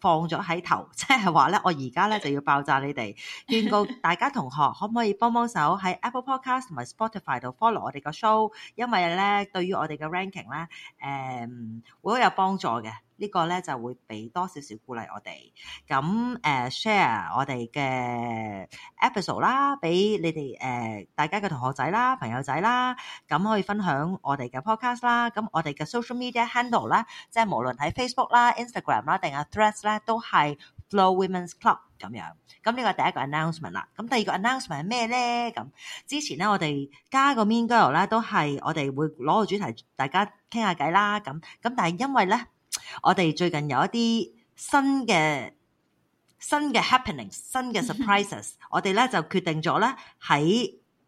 放咗喺頭，即係話我而家就要爆炸你哋，勸告大家同學，可唔可以幫幫手喺 Apple Podcast 同埋 Spotify 度 follow 我哋個 show，因為呢，對於我哋嘅 ranking 呢，嗯，會好有幫助嘅。個呢個咧就會俾多少少鼓勵我哋咁誒，share 我哋嘅 episode 啦，俾你哋誒、呃，大家嘅同學仔啦、朋友仔啦，咁可以分享我哋嘅 podcast 啦。咁我哋嘅 social media handle 啦，即係無論喺 Facebook 啦、Instagram 啦定係 Threads 啦，都係 Flo Women's Club 咁樣。咁呢個第一個 announcement 啦。咁第二個 announcement 係咩咧？咁之前咧，我哋加個 mean girl 咧，都係我哋會攞個主題，大家傾下偈啦。咁咁，但係因為咧。我哋最近有一啲新嘅新嘅 happening，新嘅 surprises， 我哋咧就決定咗咧喺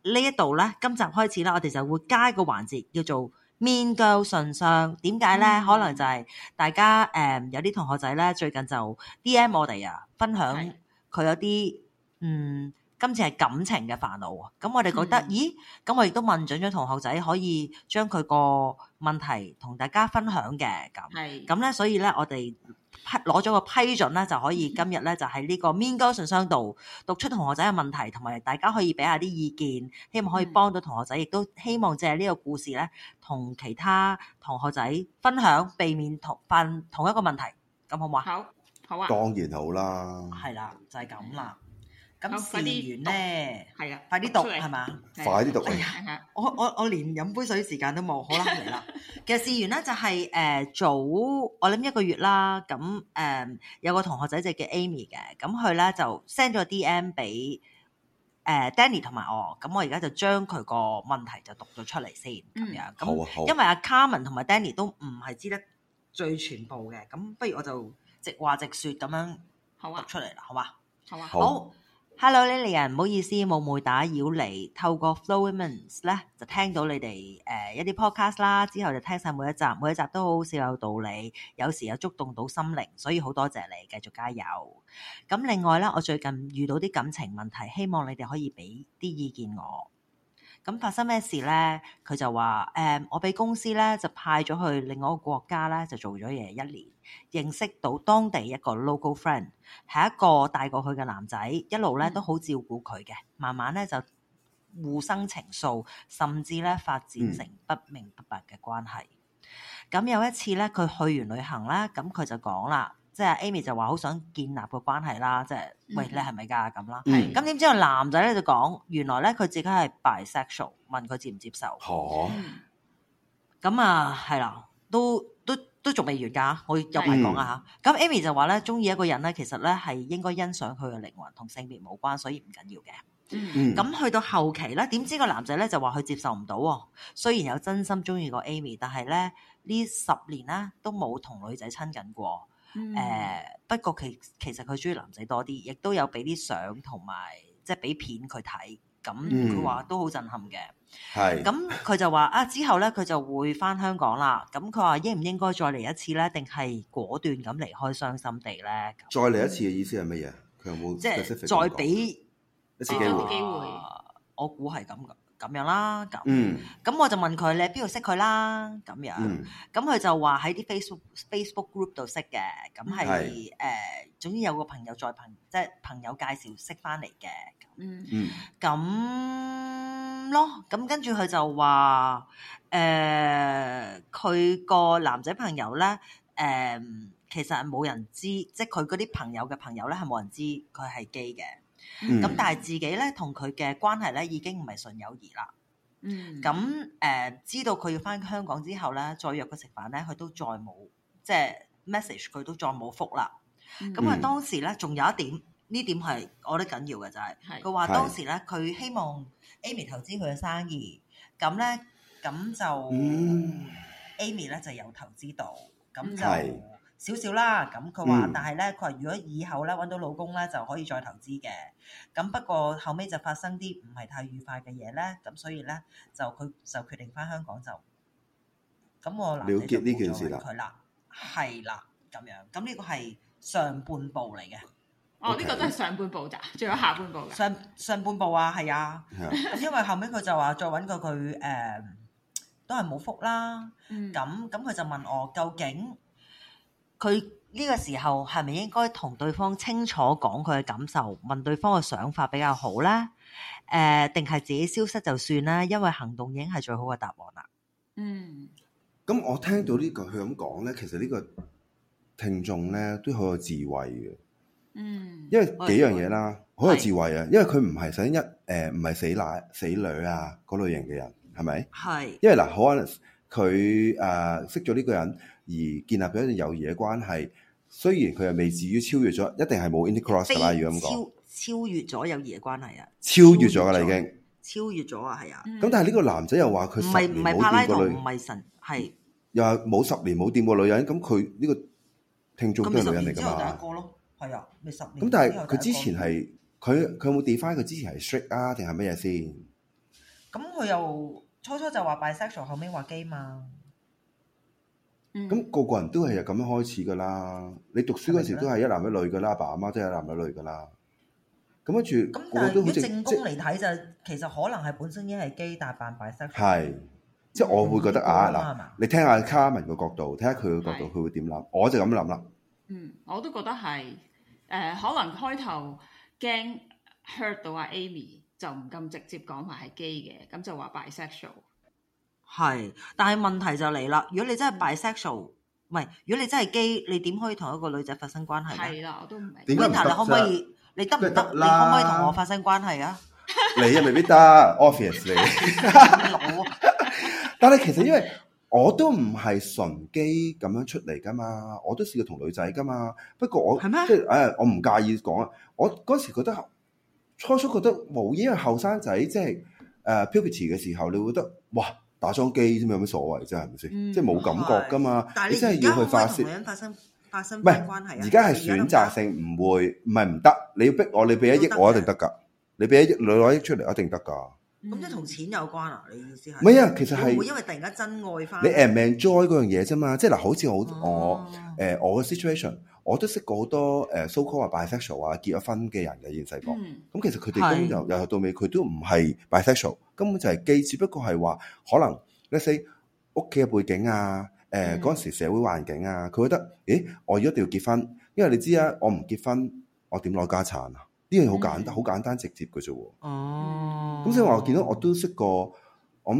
呢一度咧，今集開始啦，我哋就會加一個環節叫做 mean girl 信箱。點解咧？嗯、可能就係大家誒、um, 有啲同學仔咧，最近就 DM 我哋啊，分享佢有啲嗯。今次係感情嘅煩惱啊！咁、嗯嗯嗯嗯、我哋覺得，咦？咁我亦都問准咗同學仔，可以將佢個問題同大家分享嘅咁。係咁咧，所以咧，我哋批攞咗個批准咧，就可以今日咧、嗯、就喺呢個 mean girl 信箱度讀出同學仔嘅問題，同埋大家可以俾下啲意見，希望可以幫到同學仔，亦都、嗯、希望借呢個故事咧，同其他同學仔分享，避免同犯同一個問題。咁好唔好，啊？好，好啊。當然好啦。係啦，就係咁啦。咁試完咧，係啊，快啲讀係嘛，快啲讀。我我我連飲杯水時間都冇，好啦嚟啦。其實試完咧就係誒早我諗一個月啦。咁誒有個同學仔就叫 Amy 嘅，咁佢咧就 send 咗 DM 俾誒 Danny 同埋我。咁我而家就將佢個問題就讀咗出嚟先咁樣。咁因為阿 Carmen 同埋 Danny 都唔係知得最全部嘅，咁不如我就直話直說咁樣好啊，讀出嚟啦，好嘛，好啊，好。Hello Lilian，唔好意思，冇冇打擾你。透過 Flo Women's 咧，就聽到你哋誒、呃、一啲 podcast 啦，之後就聽晒每一集，每一集都好少有道理，有時又觸動到心靈，所以好多謝你，繼續加油。咁另外咧，我最近遇到啲感情問題，希望你哋可以俾啲意見我。咁發生咩事咧？佢就話：誒、嗯，我俾公司咧就派咗去另外一個國家咧，就做咗嘢一年，認識到當地一個 local friend 係一個帶過去嘅男仔，一路咧都好照顧佢嘅，慢慢咧就互生情愫，甚至咧發展成不明不白嘅關係。咁有一次咧，佢去完旅行啦，咁佢就講啦。即係 Amy 就話好想建立個關係啦，即、就、係、是、喂你係咪噶咁啦？咁點、mm. 知個男仔咧就講，原來咧佢自己係 bisexual，問佢接唔接受？哦、oh. 啊，咁啊係啦，都都都仲未完噶，我有排講啊吓。咁 Amy 就話咧，中意一個人咧，其實咧係應該欣賞佢嘅靈魂，同性別無關，所以唔緊要嘅。咁、mm. 去到後期咧，點知個男仔咧就話佢接受唔到，雖然有真心中意過 Amy，但係咧呢十年咧都冇同女仔親近過。誒、嗯 uh，不過其其實佢中意男仔多啲，亦都有俾啲相同埋即係俾片佢睇，咁佢話都好震撼嘅。係咁佢就話啊，之後咧佢就會翻香港啦。咁佢話應唔應該再嚟一次咧？定係果斷咁離開傷心地咧？再嚟一次嘅意思係乜嘢？佢有冇即係再俾一次機會？機會啊，我估係咁嘅。咁樣啦，咁咁、嗯、我就問佢你喺邊度識佢啦，咁樣咁佢、嗯、就話喺啲 Facebook Facebook group 度識嘅。咁係誒總之有個朋友在朋友即係朋友介紹識翻嚟嘅，嗯，咁咯，咁跟住佢就話誒佢個男仔朋友咧誒、呃、其實係冇人知，即係佢嗰啲朋友嘅朋友咧係冇人知佢係基嘅。咁、嗯、但係自己咧同佢嘅關係咧已經唔係純友誼啦。嗯，咁誒、嗯、知道佢要返香港之後咧，再約佢食飯咧，佢都再冇即係、就是、message，佢都再冇覆啦。咁啊、嗯，嗯、當時咧仲有一點，呢點係我覺得緊要嘅就係、是，佢話是當時咧佢是希望 Amy 投資佢嘅生意，咁咧咁就、嗯、Amy 咧就有投資到，咁就。少少啦，咁佢話，嗯、但係咧，佢話如果以後咧揾到老公咧就可以再投資嘅，咁不過後尾就發生啲唔係太愉快嘅嘢咧，咁所以咧就佢就決定翻香港就，咁我男呢件事了，冇再理佢啦，係啦，咁樣，咁呢個係上半部嚟嘅，Okay. 哦，呢、呢個都係上半部咋，仲有下半部，上上半部啊，係啊， 因為後尾佢就話再揾過佢誒都係冇福啦，咁咁佢就問我究竟，佢呢個時候係咪應該同對方清楚講佢嘅感受，問對方嘅想法比較好咧？誒、呃，定係自己消失就算啦，因為行動已經係最好嘅答案啦。嗯，咁我聽到個呢個佢咁講咧，其實呢個聽眾咧都好有智慧嘅。嗯，因為幾樣嘢啦，好、嗯、有智慧啊。是因為佢唔係想一誒，唔、呃、係死男死女啊嗰類型嘅人，係咪？係是。因為嗱，好佢誒識咗呢個人而建立咗一段友誼嘅關係，雖然佢係未至於超越咗，一定係冇 intercross 啦。如果咁講，超越咗友誼嘅關係啊！超越咗啦，已經超越咗啊，係啊！咁但係呢個男仔又話佢唔係唔係柏拉圖唔係神係又係冇十年冇掂過女人，咁佢呢個聽眾都係女人嚟㗎嘛？咁十年之後第一個咯，係啊，咪十年。咁但係佢之前係佢佢有冇 define 佢之前係 shake 啊定係乜嘢先？咁佢又？初初就話 bisexual，後尾話基嘛。咁個、嗯嗯、個人都係咁樣開始噶啦。你讀書嗰時都係一男一女噶啦，爸阿媽都係一男一女噶啦。咁跟住，咁、嗯嗯、但係如果正宮嚟睇就，即其實可能係本身已經係基，但係扮 bisexual。係，即係我會覺得、嗯、啊嗱，你聽下 Carmen 嘅角度，睇下佢嘅角度，佢的會點諗？的我就咁諗啦。嗯，我都覺得係。誒，可能開頭驚 hurt 到阿 Amy。就唔咁直接講埋係基嘅，咁就話 bisexual。係，但係問題就嚟啦。如果你真係 bisexual，唔係如果你真係基，你點可以同一個女仔發生關係？係啦，我都唔明。Benita，你可唔可以？你得唔得？你可唔可以同我發生關係啊？你啊，未必得，obviously。但係其實因為我都唔係純基咁樣出嚟噶嘛，我都試過同女仔噶嘛。不過我係咩？即係唉，我唔介意講啊。我嗰時覺得。初初覺得冇，因為後生仔即係誒 puberty 嘅時候，你覺得嘩打樁機啫、嗯、嘛，有乜所謂啫？係咪先？即係冇感覺㗎嘛。但你，你真係要去發洩，發生咩關係。而家係選擇性唔會，唔係唔得。你要逼我，你俾一億我一定得㗎。你俾一億女，攞一億出嚟，一定得㗎。咁即係同錢有關啊？你意思係？唔係啊，其實係唔會，會因為突然間真愛翻。你 enjoy 嗰樣嘢啫嘛。即係嗱，好似好我誒我嘅 situation。啊啊我都識過好多誒，so called bisexual 啊，結咗婚嘅人嘅現世個。咁、嗯、其實佢哋根本由由頭到尾，佢都唔係 bisexual，根本就係基，只不過係話可能 let's say 屋企嘅背景啊，誒嗰陣時社會環境啊，佢覺得，咦，我一定要結婚，因為你知啊，嗯、我唔結婚，我點攞家產啊？呢樣好簡單，好簡單直接嘅啫喎。哦、嗯。咁所以我見到我都識過，我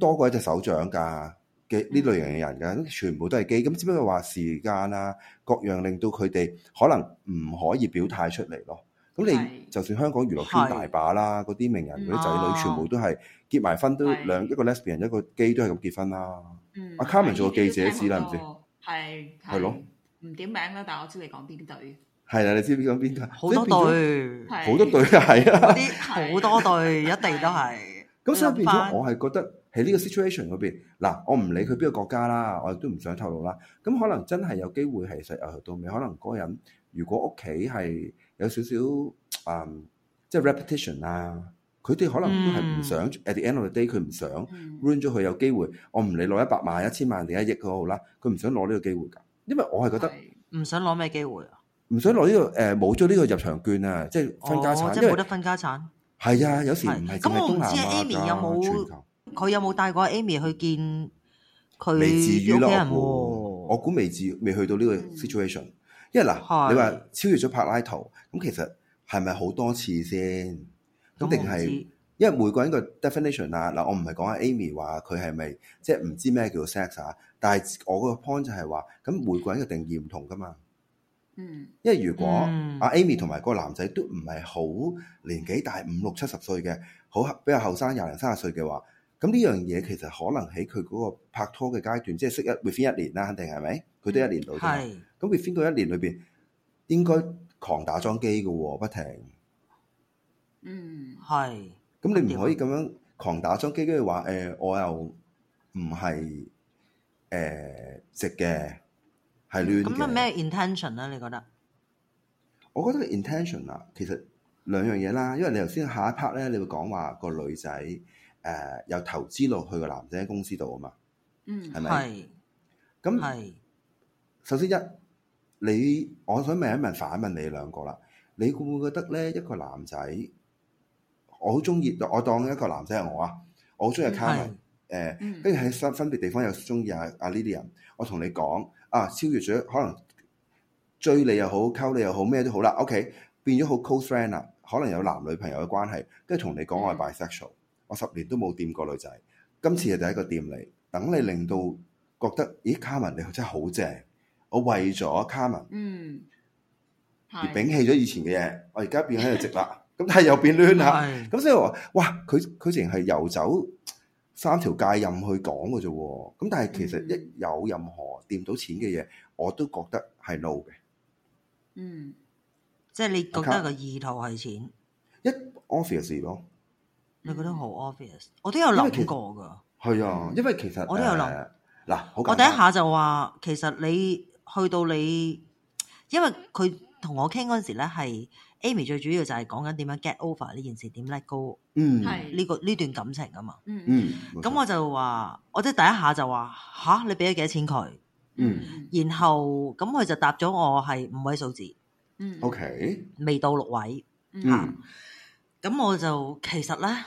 多過一隻手掌㗎。嘅呢類型嘅人嘅，全部都係基，咁只不過話時間啊，各樣令到佢哋可能唔可以表態出嚟咯。咁你就算香港娛樂圈大把啦，嗰啲名人嗰啲仔女，全部都係結埋婚都兩一個 lesbian 一個基都係咁結婚啦。阿 Carmen 做個記者，係唔係？係係咯，唔點名啦，但係我知你講邊對？係啊，你知唔知講邊對？好多對，好多對係啊，好多對一定都係。咁所以變咗，我係覺得。喺呢個 situation 嗰邊嗱，我唔理佢邊個國家啦，我亦都唔想透露啦。咁可能真係有機會係實由頭到尾。可能嗰個人如果屋企係有少少啊，即係 repetition 啊，佢哋可能都係唔想。At the end of the day，佢唔想 run 咗佢有機會。我唔理攞一百萬、一千萬定一億嗰個啦，佢唔想攞呢個機會㗎。因為我係覺得唔想攞咩機會啊，唔想攞呢個誒冇咗呢個入場券啊，即係分家產，即係冇得分家產。係啊，有時唔係咁，我唔知 Amy 有冇。佢有冇帶過 Amy 去見佢？未至於咯。我估未至於未去到呢個 situation，嗯、因為嗱，是你話超越咗柏拉圖咁，其實係咪好多次先咁？定係、嗯嗯、因為每個人嘅 definition 啊嗱，我唔係講阿 Amy 話佢係咪，即係唔知咩叫 sex 啊，但係我個 point 就係話咁每個人嘅定義唔同噶嘛。嗯，因為如果阿 Amy 同埋個男仔都唔係好年紀大，五六七十歲嘅好比較後生廿零三十歲嘅話。咁呢樣嘢其實可能喺佢嗰個拍拖嘅階段，即係識一 within 一年啦，肯定係咪？佢都一年到頭。係咁 within 嗰一年裏邊，應該狂打樁機噶，不停。嗯，係。咁你唔可以咁樣狂打樁機，跟住話誒，我又唔係誒直嘅，係亂嘅。咁係咩 intention 咧？你覺得？我覺得 intention 啊，其實兩樣嘢啦，因為你頭先下一 part 咧，你會講話個女仔。誒，有投資落去個男仔公司度啊嘛，嗯，係咪？咁，首先一你我想問一問反問你兩個啦，你會唔會覺得咧一個男仔我好中意？嗯、我當一個男仔係我啊，嗯、我好中意 Carmen 誒，跟住喺分分別地方又中意阿阿呢啲人。Lilian, 我同你講啊，超越咗可能追你又好，溝你又好，咩都好啦。O、okay, K，變咗好 close friend 啦，可能有男女朋友嘅關係，跟住同你講我係 bisexual。我十年都冇掂過女仔，今次係第一個掂嚟，等你令到覺得咦，Carmen 你真係好正。我為咗 Carmen，嗯，而摒棄咗以前嘅嘢，的我而家變喺度直啦。咁的但係又變攣啦。咁的所以話哇，佢佢淨係游走三條界任去講嘅啫。咁但係其實一有任何掂到錢嘅嘢，嗯、我都覺得係 low 嘅。的嗯，即係你覺得個意圖係錢，一 office 咯。你覺得好 obvious？我都有諗過噶係啊，因為其實我都有諗嗱，啊、我第一下就話，其實你去到你，因為佢同我傾嗰陣時咧，係 Amy 最主要就係講緊點樣 get over 呢件事，點 let go，嗯，呢、呢個呢是段感情噶嘛，嗯嗯，咁我就話，我即係第一下就話，吓你俾咗幾多錢佢，嗯，然後咁佢就答咗我係五位數字，嗯，OK，未到六位，嗯。嗯咁我就其實咧，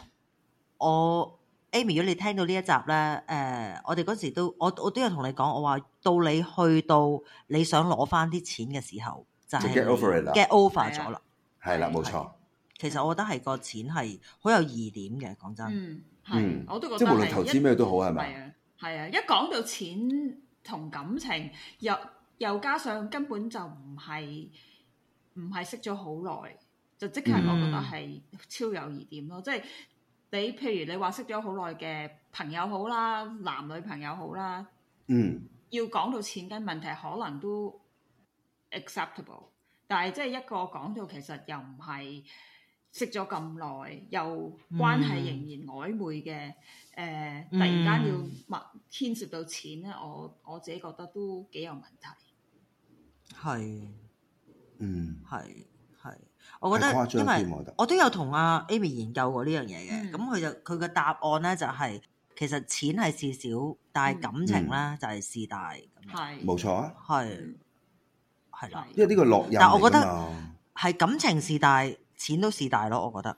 我 Amy，如果你聽到呢一集咧，誒、呃，我哋嗰時都，我我都有同你講，我話到你去到你想攞翻啲錢嘅時候，就係 get over 啦，get over 咗啦，係啦，冇錯。其實我覺得係個錢係好有疑點嘅，講真。嗯、啊，係、啊，我都覺得。即係無論投資咩都好，係咪？係啊係啊，一講、啊啊、到錢同感情，又又加上根本就唔係唔係識咗好耐。就即係我覺得係超有疑點咯。嗯、即係你，譬如你話識咗好耐嘅朋友好啦，男女朋友好啦，嗯，要講到錢嘅問題，可能都 acceptable，但係即係一個講到其實又唔係識咗咁耐，又關係仍然曖昧嘅，誒、嗯呃，突然間要物牽涉到錢咧，我我自己覺得都幾有問題。係，嗯，係。我覺得，因為我都有同阿 Amy 研究過呢樣嘢嘅，咁佢就佢嘅答案咧就係，其實錢係事小，但係感情咧就係事大。係冇錯啊，係係咯，因為呢個落任，但係我覺得係感情事大，錢都事大咯。我覺得，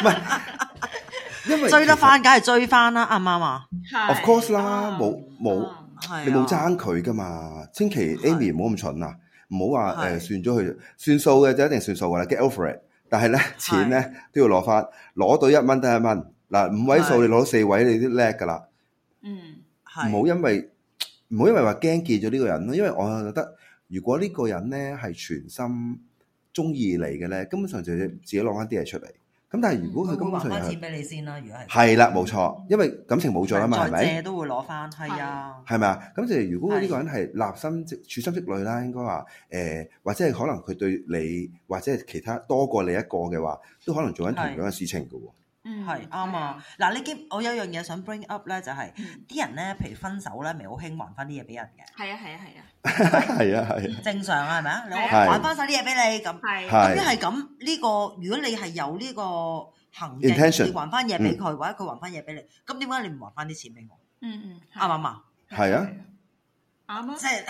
唔係，因為追得翻，梗係追翻啦，啱唔啱啊，Of course 啦，冇冇，你冇爭佢噶嘛，千祈 Amy 唔好咁蠢啊！唔好話誒，算咗佢，是算數嘅就一定算數噶啦，get over it 但。但係咧，錢咧都要攞翻，攞到一蚊得一蚊。嗱，五位數是你攞四位，你都叻噶啦。嗯，係。唔好因為唔好因為話驚見咗呢個人咯，因為我覺得如果呢個人咧係全心中意嚟嘅咧，根本上就自己攞翻啲嘢出嚟。咁但係如果佢今次還翻錢俾你先啦，啊，如果係係啦，冇錯，因為感情冇咗啦嘛，係咪？借都會攞翻，係啊，係咪啊？咁就係如果呢個人係立心即處心積慮啦，應該話誒、呃，或者係可能佢對你或者係其他多過你一個嘅話，都可能做緊同樣嘅事情噶。嗯，係啱啊。嗱、嗯，呢件、嗯、我有樣嘢想 bring up 咧、就是，就係啲人咧，譬如分手咧，咪好興還翻啲嘢俾人嘅。係啊的，係啊的，係啊。係啊，係，正常啊係咪啊？我還翻晒啲嘢俾你咁，咁樣係咁呢個。如果你係有呢個行徑，你還翻嘢俾佢，或者佢還翻嘢俾你，咁點解你唔還翻啲錢俾我？嗯嗯，啱唔啱？係啊，啱啊。即係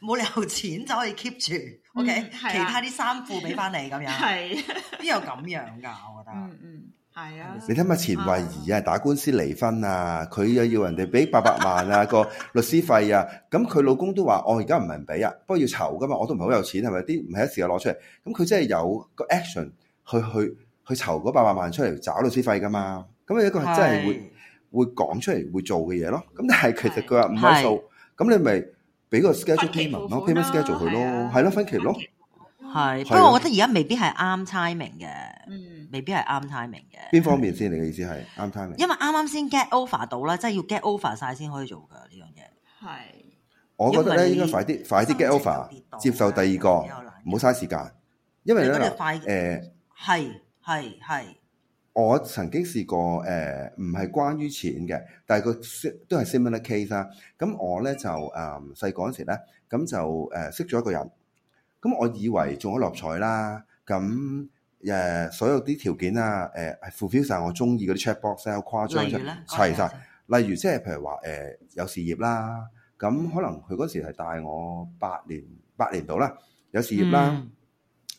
冇理由錢就可以 keep 住，OK？其他啲衫褲俾翻你咁樣，係邊有咁樣噶我覺得。係啊，你睇下錢惠儀啊，打官司離婚啊，佢又要人哋俾八百萬啊個律師費啊，咁佢老公都話，我而家唔係唔俾啊，不過要籌噶嘛，我都唔係好有錢，係咪？啲唔係一時又攞出嚟，咁佢真係有個 action 去去去籌嗰八百萬出嚟找律師費噶嘛，咁有一個係真係會會講出嚟會做嘅嘢咯，咁但係其實佢話唔係數，咁你咪俾個 schedule payment 咯，payment schedule 佢咯，係咯分期咯。係，不過我覺得而家未必係啱 timing 嘅，嗯，未必係啱 timing 嘅。邊方面先？你嘅意思係啱 timing？因為啱啱先 get over 到啦，即係要 get over 晒先可以做噶呢樣嘢。係，我覺得咧應該快啲，快啲 get over，接受第二個，唔好嘥時間。因為咧，誒，係係係。我曾經試過誒，唔係關於錢嘅，但係佢都係 similar case 啦。咁我咧就誒細個嗰陣時咧，咁就誒識咗一個人。咁我以為中咗六合彩啦，咁誒所有啲條件啊，誒係 fulfill 曬我中意嗰啲 check box，真係好誇張，齊曬。例如即係譬如話誒有事業啦，咁可能佢嗰時係大我八年八年到啦，有事業啦，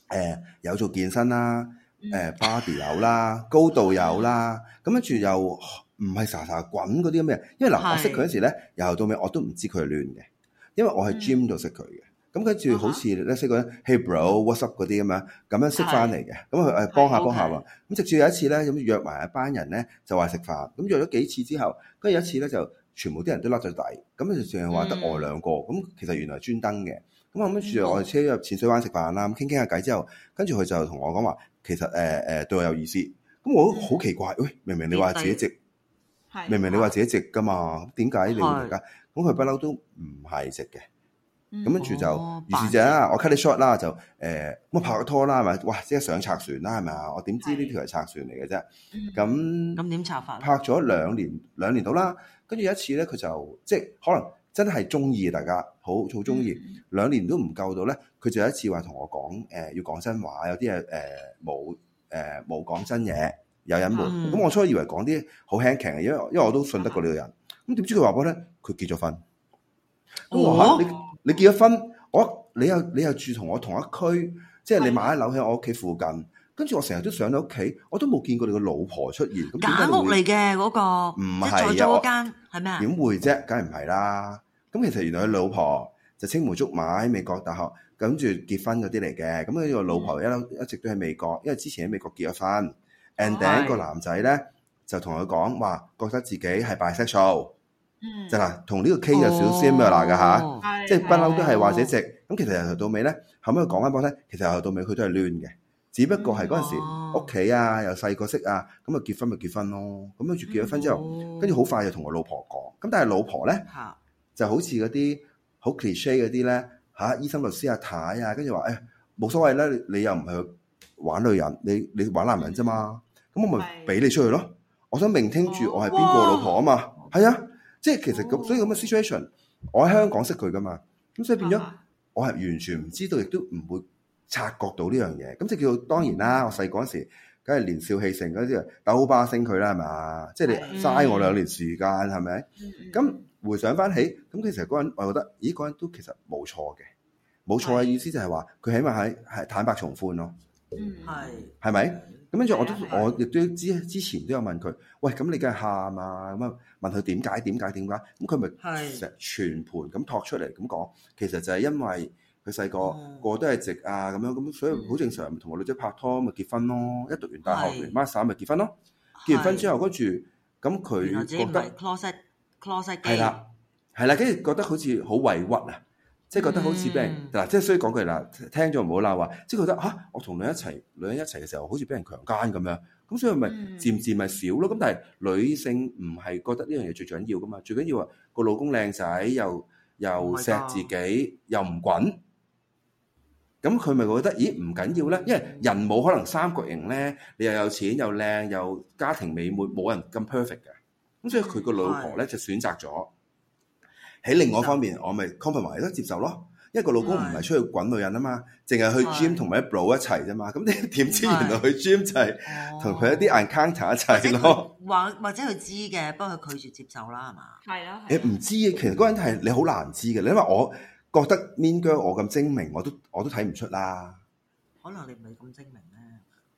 誒有做健身啦，誒 body 有啦，高度有啦，咁跟住又唔係沙沙滾嗰啲咩？因為嗱我識佢嗰時咧由頭到尾我都唔知佢係亂嘅，因為我喺 gym 度識佢嘅。咁跟住好似咧識嗰啲 Hey bro，what's up 嗰啲咁樣，咁樣識翻嚟嘅，咁佢誒幫下幫下喎。咁直至有一次咧，咁約埋一班人咧，就話食飯。咁約咗幾次之後，跟住有一次咧就全部啲人都甩咗底，咁就剩係話得我兩個。咁其實原來係專登嘅。咁跟住我哋車入淺水灣食飯啦。咁傾傾下偈之後，跟住佢就同我講話，其實誒誒對我有意思。咁我都好奇怪，喂明明你話自己直，明明你話自己直噶嘛，點解你嚟家咁佢不嬲都唔係直嘅？咁跟住就，於是就啊，我 cut shot 啦，就誒，乜拍個拖啦，係咪？哇，即係上拆船啦，係咪啊？我點知呢條係拆船嚟嘅啫？咁咁點拆法？拍咗兩年兩年到啦，跟住有一次咧，佢就即係可能真係中意大家，好好中意兩年都唔夠到咧。佢就有一次話同我講誒，要講真話，有啲嘢誒冇誒冇講真嘢，有隱瞞。咁我初以為講啲好輕強嘅，因為因為我都信得過呢個人。咁點知佢話畀我咧，佢結咗婚。咁我你結咗婚，我你又你又住同我同一區，即係你買咗樓喺我屋企附近，跟住我成日都上到屋企，我都冇見過你個老婆出現，間屋嚟嘅。嗰個，唔係啊，間係咩啊？點會啫？梗係唔係啦。咁其實原來佢老婆就青梅竹馬喺美國大學，跟住結婚嗰啲嚟嘅。咁呢個老婆一一直都喺美國，因為之前喺美國結咗婚。and 第一個男仔咧就同佢講話，覺得自己係 bisexual。就嗱，同呢個 K 有少少 C M 啦，噶嚇、哦，啊、即係不嬲都係或者直。咁的。其實由頭到尾咧，後尾佢講翻俾我聽咧，其實由頭到尾佢都係亂嘅，只不過係嗰陣時屋企啊，由細個識啊，咁啊結婚咪結婚咯。咁跟住結咗婚之後，跟住好快就同我老婆講。咁但係老婆咧，就好似嗰啲好 cliche 嗰啲咧嚇，醫生、律師、啊、阿太，太啊，跟住話誒冇所謂啦，你又唔係玩女人，你你玩男人啫嘛。咁我咪俾你出去咯。我想明聽住我係邊個老婆啊嘛，係啊哇。即係其實咁，所以咁嘅 situation，我喺香港識佢噶嘛，咁所以變咗我係完全唔知道，亦都唔會察覺到呢樣嘢。咁就叫做當然啦，我細嗰陣時梗係年少氣盛，嗰啲鬥霸星佢啦係咪？即係你嘥我兩年時間係咪？咁係、嗯、回想翻起，咁其實嗰個人我覺得，咦，個人都其實冇錯嘅，冇錯嘅意思就係話佢起碼喺係坦白從寬咯。係，嗯，係係咪？咁跟住我都 yes, yes. 我亦都知，之前都有問佢，喂，咁你梗係喊啊，咁啊問佢點解點解點解，咁佢咪成全盤咁托出嚟咁講，其實就係因為佢細個個都係直啊，咁樣咁，所以好正常。同個是女仔拍拖咪結婚咯，一讀完大學是完 master 咪結婚咯，是結完婚之後跟住咁佢覺得 closet closet 係啦係啦，跟住覺得好似好委屈啊。即係覺得好似俾人嗱，即係所以講句嗱，聽咗唔好鬧話，即係覺得啊，我同女人一齊，女人一齊嘅時候好似俾人強姦咁樣，咁所以咪漸漸咪少咯。咁但係女性唔係覺得呢樣嘢最緊要噶嘛，最緊要係個老公靚仔又又錫自己又唔滾，咁佢咪覺得咦，唔緊要啦，因為人冇可能三角形咧，你又有錢又靚又家庭美滿，冇人咁 perfect 嘅，咁所以佢個老婆咧就選擇咗。喺另外一方面，我咪 cover 埋都接受咯。因為個老公唔係出去滾女人啊嘛，淨係去 gym 同埋一 l 一齊啫嘛。咁你點知原來去 gym 就係同佢一啲 encounter 一齊咯？或、哦、或者佢知嘅，不過佢拒絕接受啦，係嘛？係啦、啊。你唔、啊、知嘅，其實嗰陣係你好難知嘅。你因為我覺得 mean girl 我咁精明，我都我都睇唔出啦。可能你唔係咁精明咧。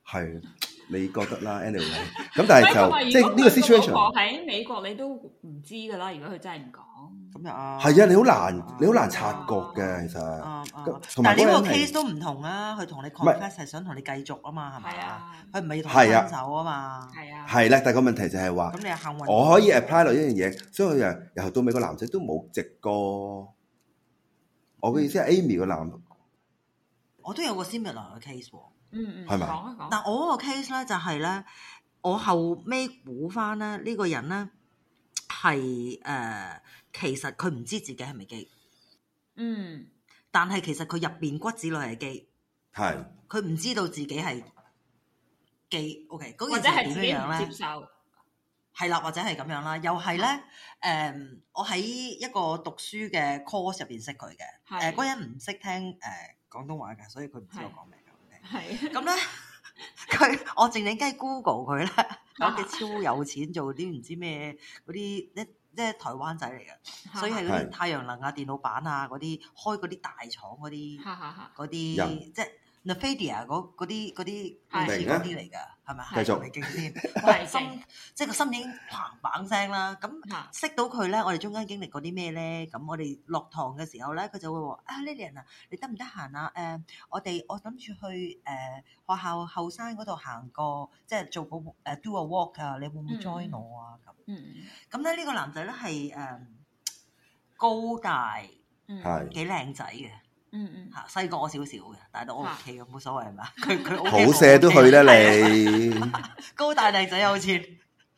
係你覺得啦 a n y、anyway, w a y 咁但係就 但如即係呢個 situation，我喺美國你都唔知噶啦。如果佢真係唔講。係啊，你好難你好難察覺嘅，其實。但係呢個 case 都唔同啊。佢同你 confirm 係想同你繼續啊嘛，係咪啊？佢唔係要同你分手啊嘛，係啊。係啦，但係個問題就係話，我可以 apply 落呢樣嘢，所以佢又，由到美國男仔都冇值過。我嘅意思係 Amy 個男，我都有個 similar 嘅 case 喎，嗯嗯，係咪？但我嗰個 case 咧就係咧，我後尾估翻咧呢個人咧係誒。其實佢唔知自己係咪基，嗯，但係其實佢入邊骨子裏係基，係佢唔知道自己係基，OK，嗰件事點樣咧？接受係啦，或者係咁樣啦，又係咧，誒、嗯呃，我喺一個讀書嘅 course 入邊識佢嘅，誒是，嗰、呃、人唔識聽誒、呃、廣東話嘅，所以佢唔知我講咩，係咁咧，佢 我靜靜雞 Google 佢啦，講嘅超有錢，做啲唔知咩嗰啲一。即係台灣仔嚟嘅，的所以係嗰啲太陽能啊、的電腦板啊嗰啲，的開嗰啲大廠嗰啲，嗰啲即係 Nvidia 嗰嗰啲嗰啲嗰啲嚟嘅。係咪？繼繼續嚟勁先，我心 即係個心已經砰砰聲啦。咁識到佢咧，我哋中間經歷過啲咩咧？咁我哋落堂嘅時候咧，佢就會話：啊、ah,，Lillian 啊，你得唔得閒啊？誒，我哋我諗住去誒學校後山嗰度行過，即係做個誒、uh, do a walk 啊！你會唔會 join 我啊？咁咁咧，呢、嗯呢個男仔咧係誒高大，係幾靚仔嘅。嗯嗯，吓細過我少少嘅，但係都 O K 嘅，冇所謂係嘛？佢佢 O K 嘅。肚瀉都去啦你。高大靚仔有錢，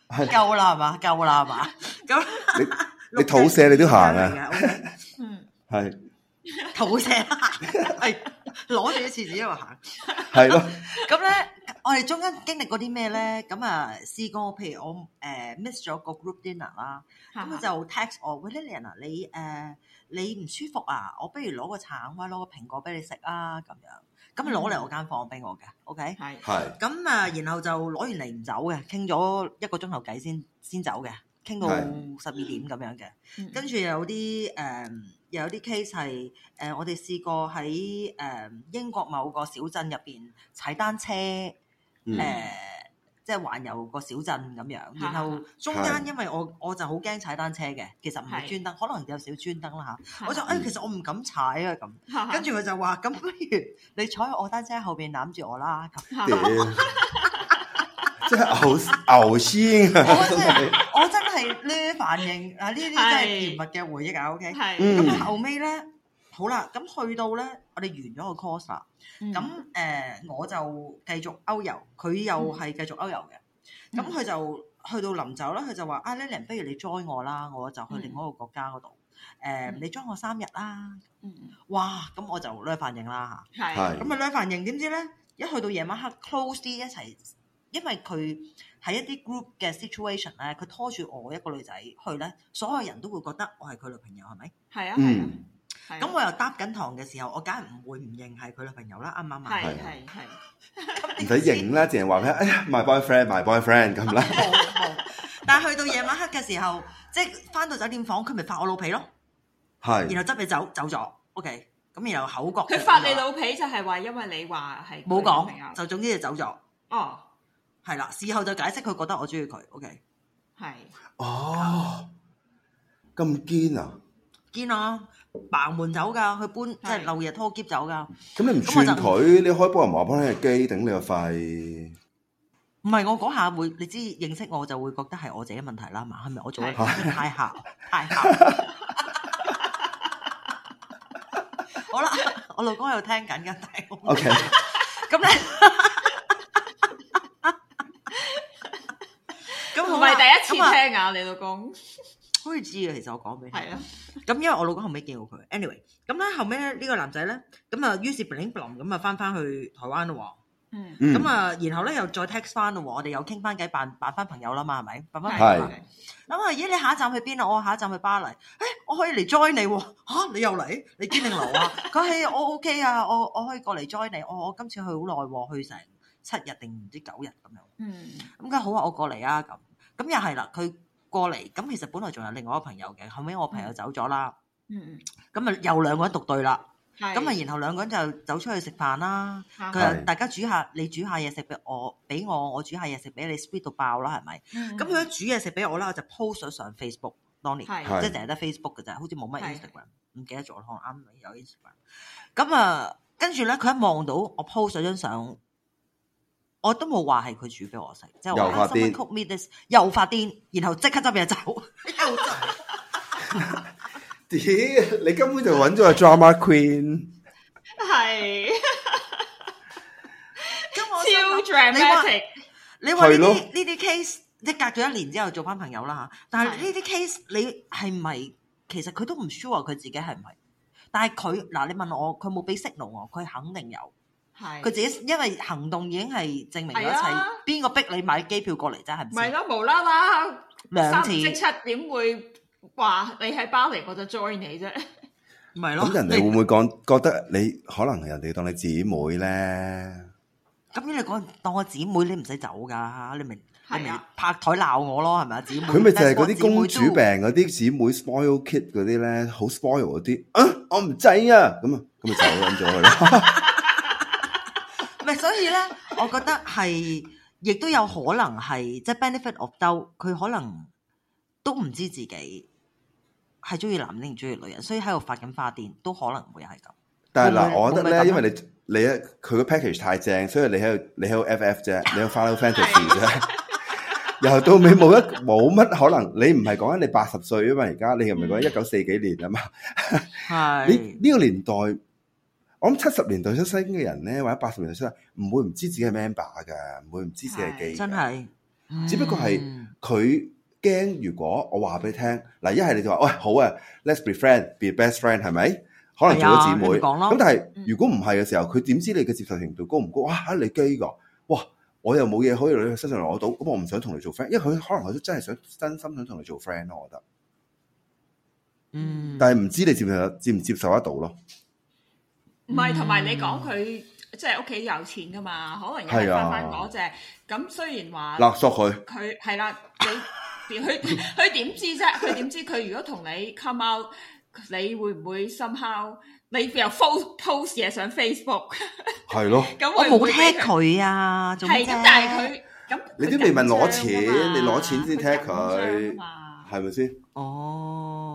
夠啦係嘛？夠啦係嘛？咁你你肚瀉你都行啊？OK、嗯，係肚瀉係攞住廁紙一路行，係 咯、嗯。咁咧。我哋中間經歷過啲咩咧？咁啊，試過譬如我誒、呃、miss 咗個 group dinner 啦的，咁佢就 text 我喂 Lilian 啊、呃，你誒你唔舒服啊？我不如攞個橙或者攞個蘋果俾你食啊，咁樣咁攞嚟我間房俾我嘅，OK 係係咁啊，然後就攞完嚟唔走嘅，傾咗一個鐘頭偈先先走嘅，傾到十二點咁樣嘅，跟住又有啲誒、呃、有啲 case 係誒、呃，我哋試過喺誒、呃、英國某個小鎮入邊踩單車。誒、 嗯呃，即係環遊個小鎮咁樣，然後中間因為我我就好驚踩單車嘅，其實唔係專登，是可能有少專登啦吓，我就誒、哎，其實我唔敢踩啊咁，跟住佢就話，咁不如你坐喺我單車後邊攬住我啦咁，即係牛牛先我真係呢反應啊，呢啲真係甜蜜嘅回憶啊，OK，係咁後屘咧，好啦，咁去到咧。嗯嗯我哋完咗個 course 啦，咁誒、嗯呃、我就繼續歐遊，佢又係繼續歐遊嘅，咁佢、嗯、就去到臨走啦，佢就話啊，Lilian，不如你 join 我啦，我就去另外一個國家嗰度，誒、呃，嗯、你 join 我三日啦，嗯，哇，咁我就呂反瑩啦吓？係、啊，咁啊呂反瑩點知咧，一去到夜晚黑 close 啲一齊，因為佢喺一啲 group 嘅 situation 咧，佢拖住我一個女仔去咧，所有人都會覺得我係佢女朋友係咪？係啊，係啊。咁我又搭緊堂嘅時候，我梗係唔會唔認係佢女朋友啦，啱唔啱啊？係係係唔使認啦，淨係話咩，哎呀，my boyfriend，my boyfriend 咁啦。但係去到夜晚黑嘅時候，即係翻到酒店房，佢咪發我老脾咯，係，然後執你走走咗，OK，咁然後口角佢發你老脾，就係話因為你話係冇講，就總之就走咗。哦，係啦，事後就解釋佢覺得我中意佢，OK，係哦，咁堅啊，堅啊！盲門走噶，去搬即係漏夜拖篋走噶。咁你唔勸佢，你開波又唔開你隻機，頂你個肺。唔係我嗰下會，你知認識我就會覺得係我自己問題啦嘛，係咪我做嘢太下太下？好啦，我老公喺度聽緊噶，大 OK。咁你咁唔係第一次聽啊，你老公。可以知嘅，其實我講俾你。係啊，咁因為我老公後尾見過佢。anyway，咁咧後尾咧呢個男仔咧，咁啊於是 bling bling 咁啊翻翻去台灣咯嗯。咁啊，然後咧又再 text 翻咯，我哋又傾翻偈，扮扮翻朋友啦嘛，係咪？扮翻朋友咁啊，咦、欸？你下一站去邊啊？我下一站去巴黎。誒、欸，我可以嚟 join 你喎。嚇、啊，你又嚟？你堅定流啊？佢係、 欸、我 OK 啊，我我可以過嚟 join 你。我我今次去好耐喎，去成七日定唔知九日咁樣。嗯。咁梗好啊，我過嚟啊咁。咁又係啦，佢。過嚟，咁其實本來仲有另外一個朋友嘅，後尾我朋友走咗啦。嗯嗯，咁啊又兩個人獨對啦。咁啊是然後兩個人就走出去食飯啦。佢話是大家煮下，你煮下嘢食俾我，俾我我煮下嘢食俾你，sweet 到爆啦，係咪？咁佢、嗯、一煮嘢食俾我啦，我就 post 咗上 Facebook 當年，即係淨係得 Facebook 嘅咋，好似冇乜 Instagram，唔是記得咗，可能啱有 Instagram。咁啊、呃，跟住咧佢一望到我 post 咗張相。我都冇話係佢煮俾我食，即、就、係、是、我係。我又發癲，又發癲，然後即刻執嘢走。又走， 你根本就揾咗個 drama queen。係，超 dramatic。你話呢啲呢啲 case，即隔咗一年之後做翻朋友啦吓。但係呢啲 case，你係咪其實佢都唔 sure 佢自己係咪？但係佢嗱，你問我佢冇俾 closure 我，佢肯定有。係佢自己，因為行動已經係證明咗一切。邊個逼你買機票過嚟真係唔知。咪咯，無啦啦兩次七點會話你喺巴黎我就 join 你啫。唔咪咯咁人哋會唔會講覺得你可能係人哋當你姊妹咧？咁如果你當我姊妹，你唔使走噶，你咪係啊，拍台鬧我咯，係咪啊，姊妹？佢咪就係嗰啲公主病嗰啲姊妹 spoil kid 嗰啲咧，好 spoil 嗰啲啊！我唔制啊，咁啊，咁啊走咗去啦。咪所以咧，我覺得係，亦都有可能係，即係 benefit of doubt，佢可能都唔知自己係中意男人定中意女人，所以喺度發緊花癲，都可能會係咁。但係嗱，我覺得咧，因為你你佢嘅 package 太正，所以你喺度你喺度 ff 啫，你喺 follow fantasy 啫，由到尾冇一冇乜可能。你唔係講緊你八十歲啊嘛？而家你係唔係講一九四幾年啊嘛？係。呢呢個年代。我諗七十年代出生嘅人咧，或者八十年代出世，唔會唔知自己係 member 噶，唔會唔知自己係基，真係。嗯、只不過係佢驚，如果我話俾你聽，嗱，一係你就話喂，好啊，let's be friend, be best friend，係咪？可能做咗姊妹，咁、啊、但係如果唔係嘅時候，佢點知你嘅接受程度高唔高？哇，你基噶，哇，我又冇嘢可以喺身上攞到，咁我唔想同你做 friend，因為佢可能佢都真係想真心想同你做 friend 咯，我覺得。嗯。但係唔知你接受接唔接受得到咯？唔係，同埋你講佢即係屋企有錢㗎嘛？可能又翻翻嗰隻咁，雖然話，勒索佢佢係啦，你佢佢點知啫？佢點知佢如果同你 come out，你會唔會 somehow 你又 post post 嘢上 Facebook？係咯，我冇踢佢啊，係咁就係佢咁。你都未問攞錢，你攞錢先踢佢，係咪先？哦。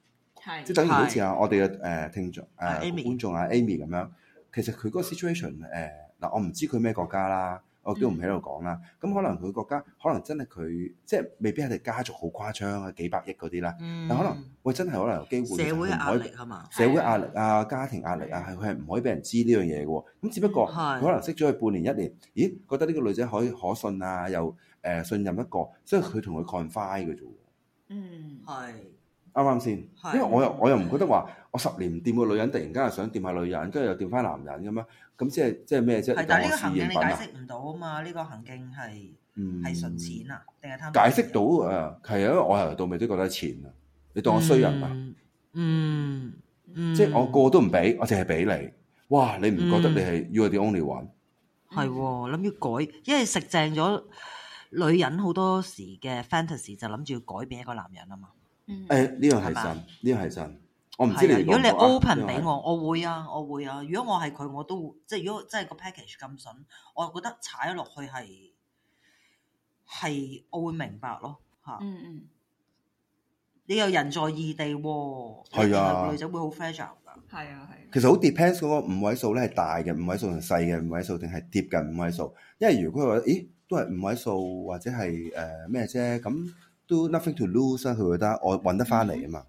即係等於好似啊，我哋嘅誒聽眾誒觀眾啊 Amy 咁樣，其實佢嗰個 situation 誒嗱，我唔知佢咩國家啦，我都唔喺度講啦。咁可能佢國家可能真係佢即係未必係啲家族好誇張啊，幾百億嗰啲啦。但可能喂真係可能有機會社會壓力係嘛？社會壓力啊，家庭壓力啊，係佢係唔可以俾人知呢樣嘢嘅。咁只不過可能識咗佢半年一年，咦？覺得呢個女仔可以可信啊，又誒信任一個，所以佢同佢 confide 嘅啫。嗯，係。唔啱啱先？因為我又我又唔覺得話我十年唔掂個女,女人，突然間又想掂下女人，跟住又掂翻男人咁啊。咁即係即係咩啫？但係呢個行徑你解釋唔到啊嘛？呢個行徑係係、嗯、純錢啊，定係貪？解釋到啊，係啊，因為我由頭到尾都覺得係錢啊。你當我衰人啊、嗯？嗯即係我個個都唔俾，我淨係俾你哇！你唔覺得你係 you're the only one？係諗要改，因為食正咗女人好多時嘅 fantasy 就諗住要改變一個男人啊嘛。誒，呢樣係真，呢樣係真，我唔知啊。如果你 open 俾我，我會啊，我會啊。如果我係佢，我都會即係如果即係個 package 咁筍，我覺得踩落去係係我會明白咯，吓。嗯嗯，你有人在異地喎，係啊的，女仔會好 fragile 噶，係啊係。其實好 depends 嗰個五位數咧係大嘅，五位數定細嘅，五位數定係貼近五位數。因為如果佢話咦都係五位數或者係誒咩啫咁。呃都 nothing to lose 佢佢得我搵得翻嚟啊嘛，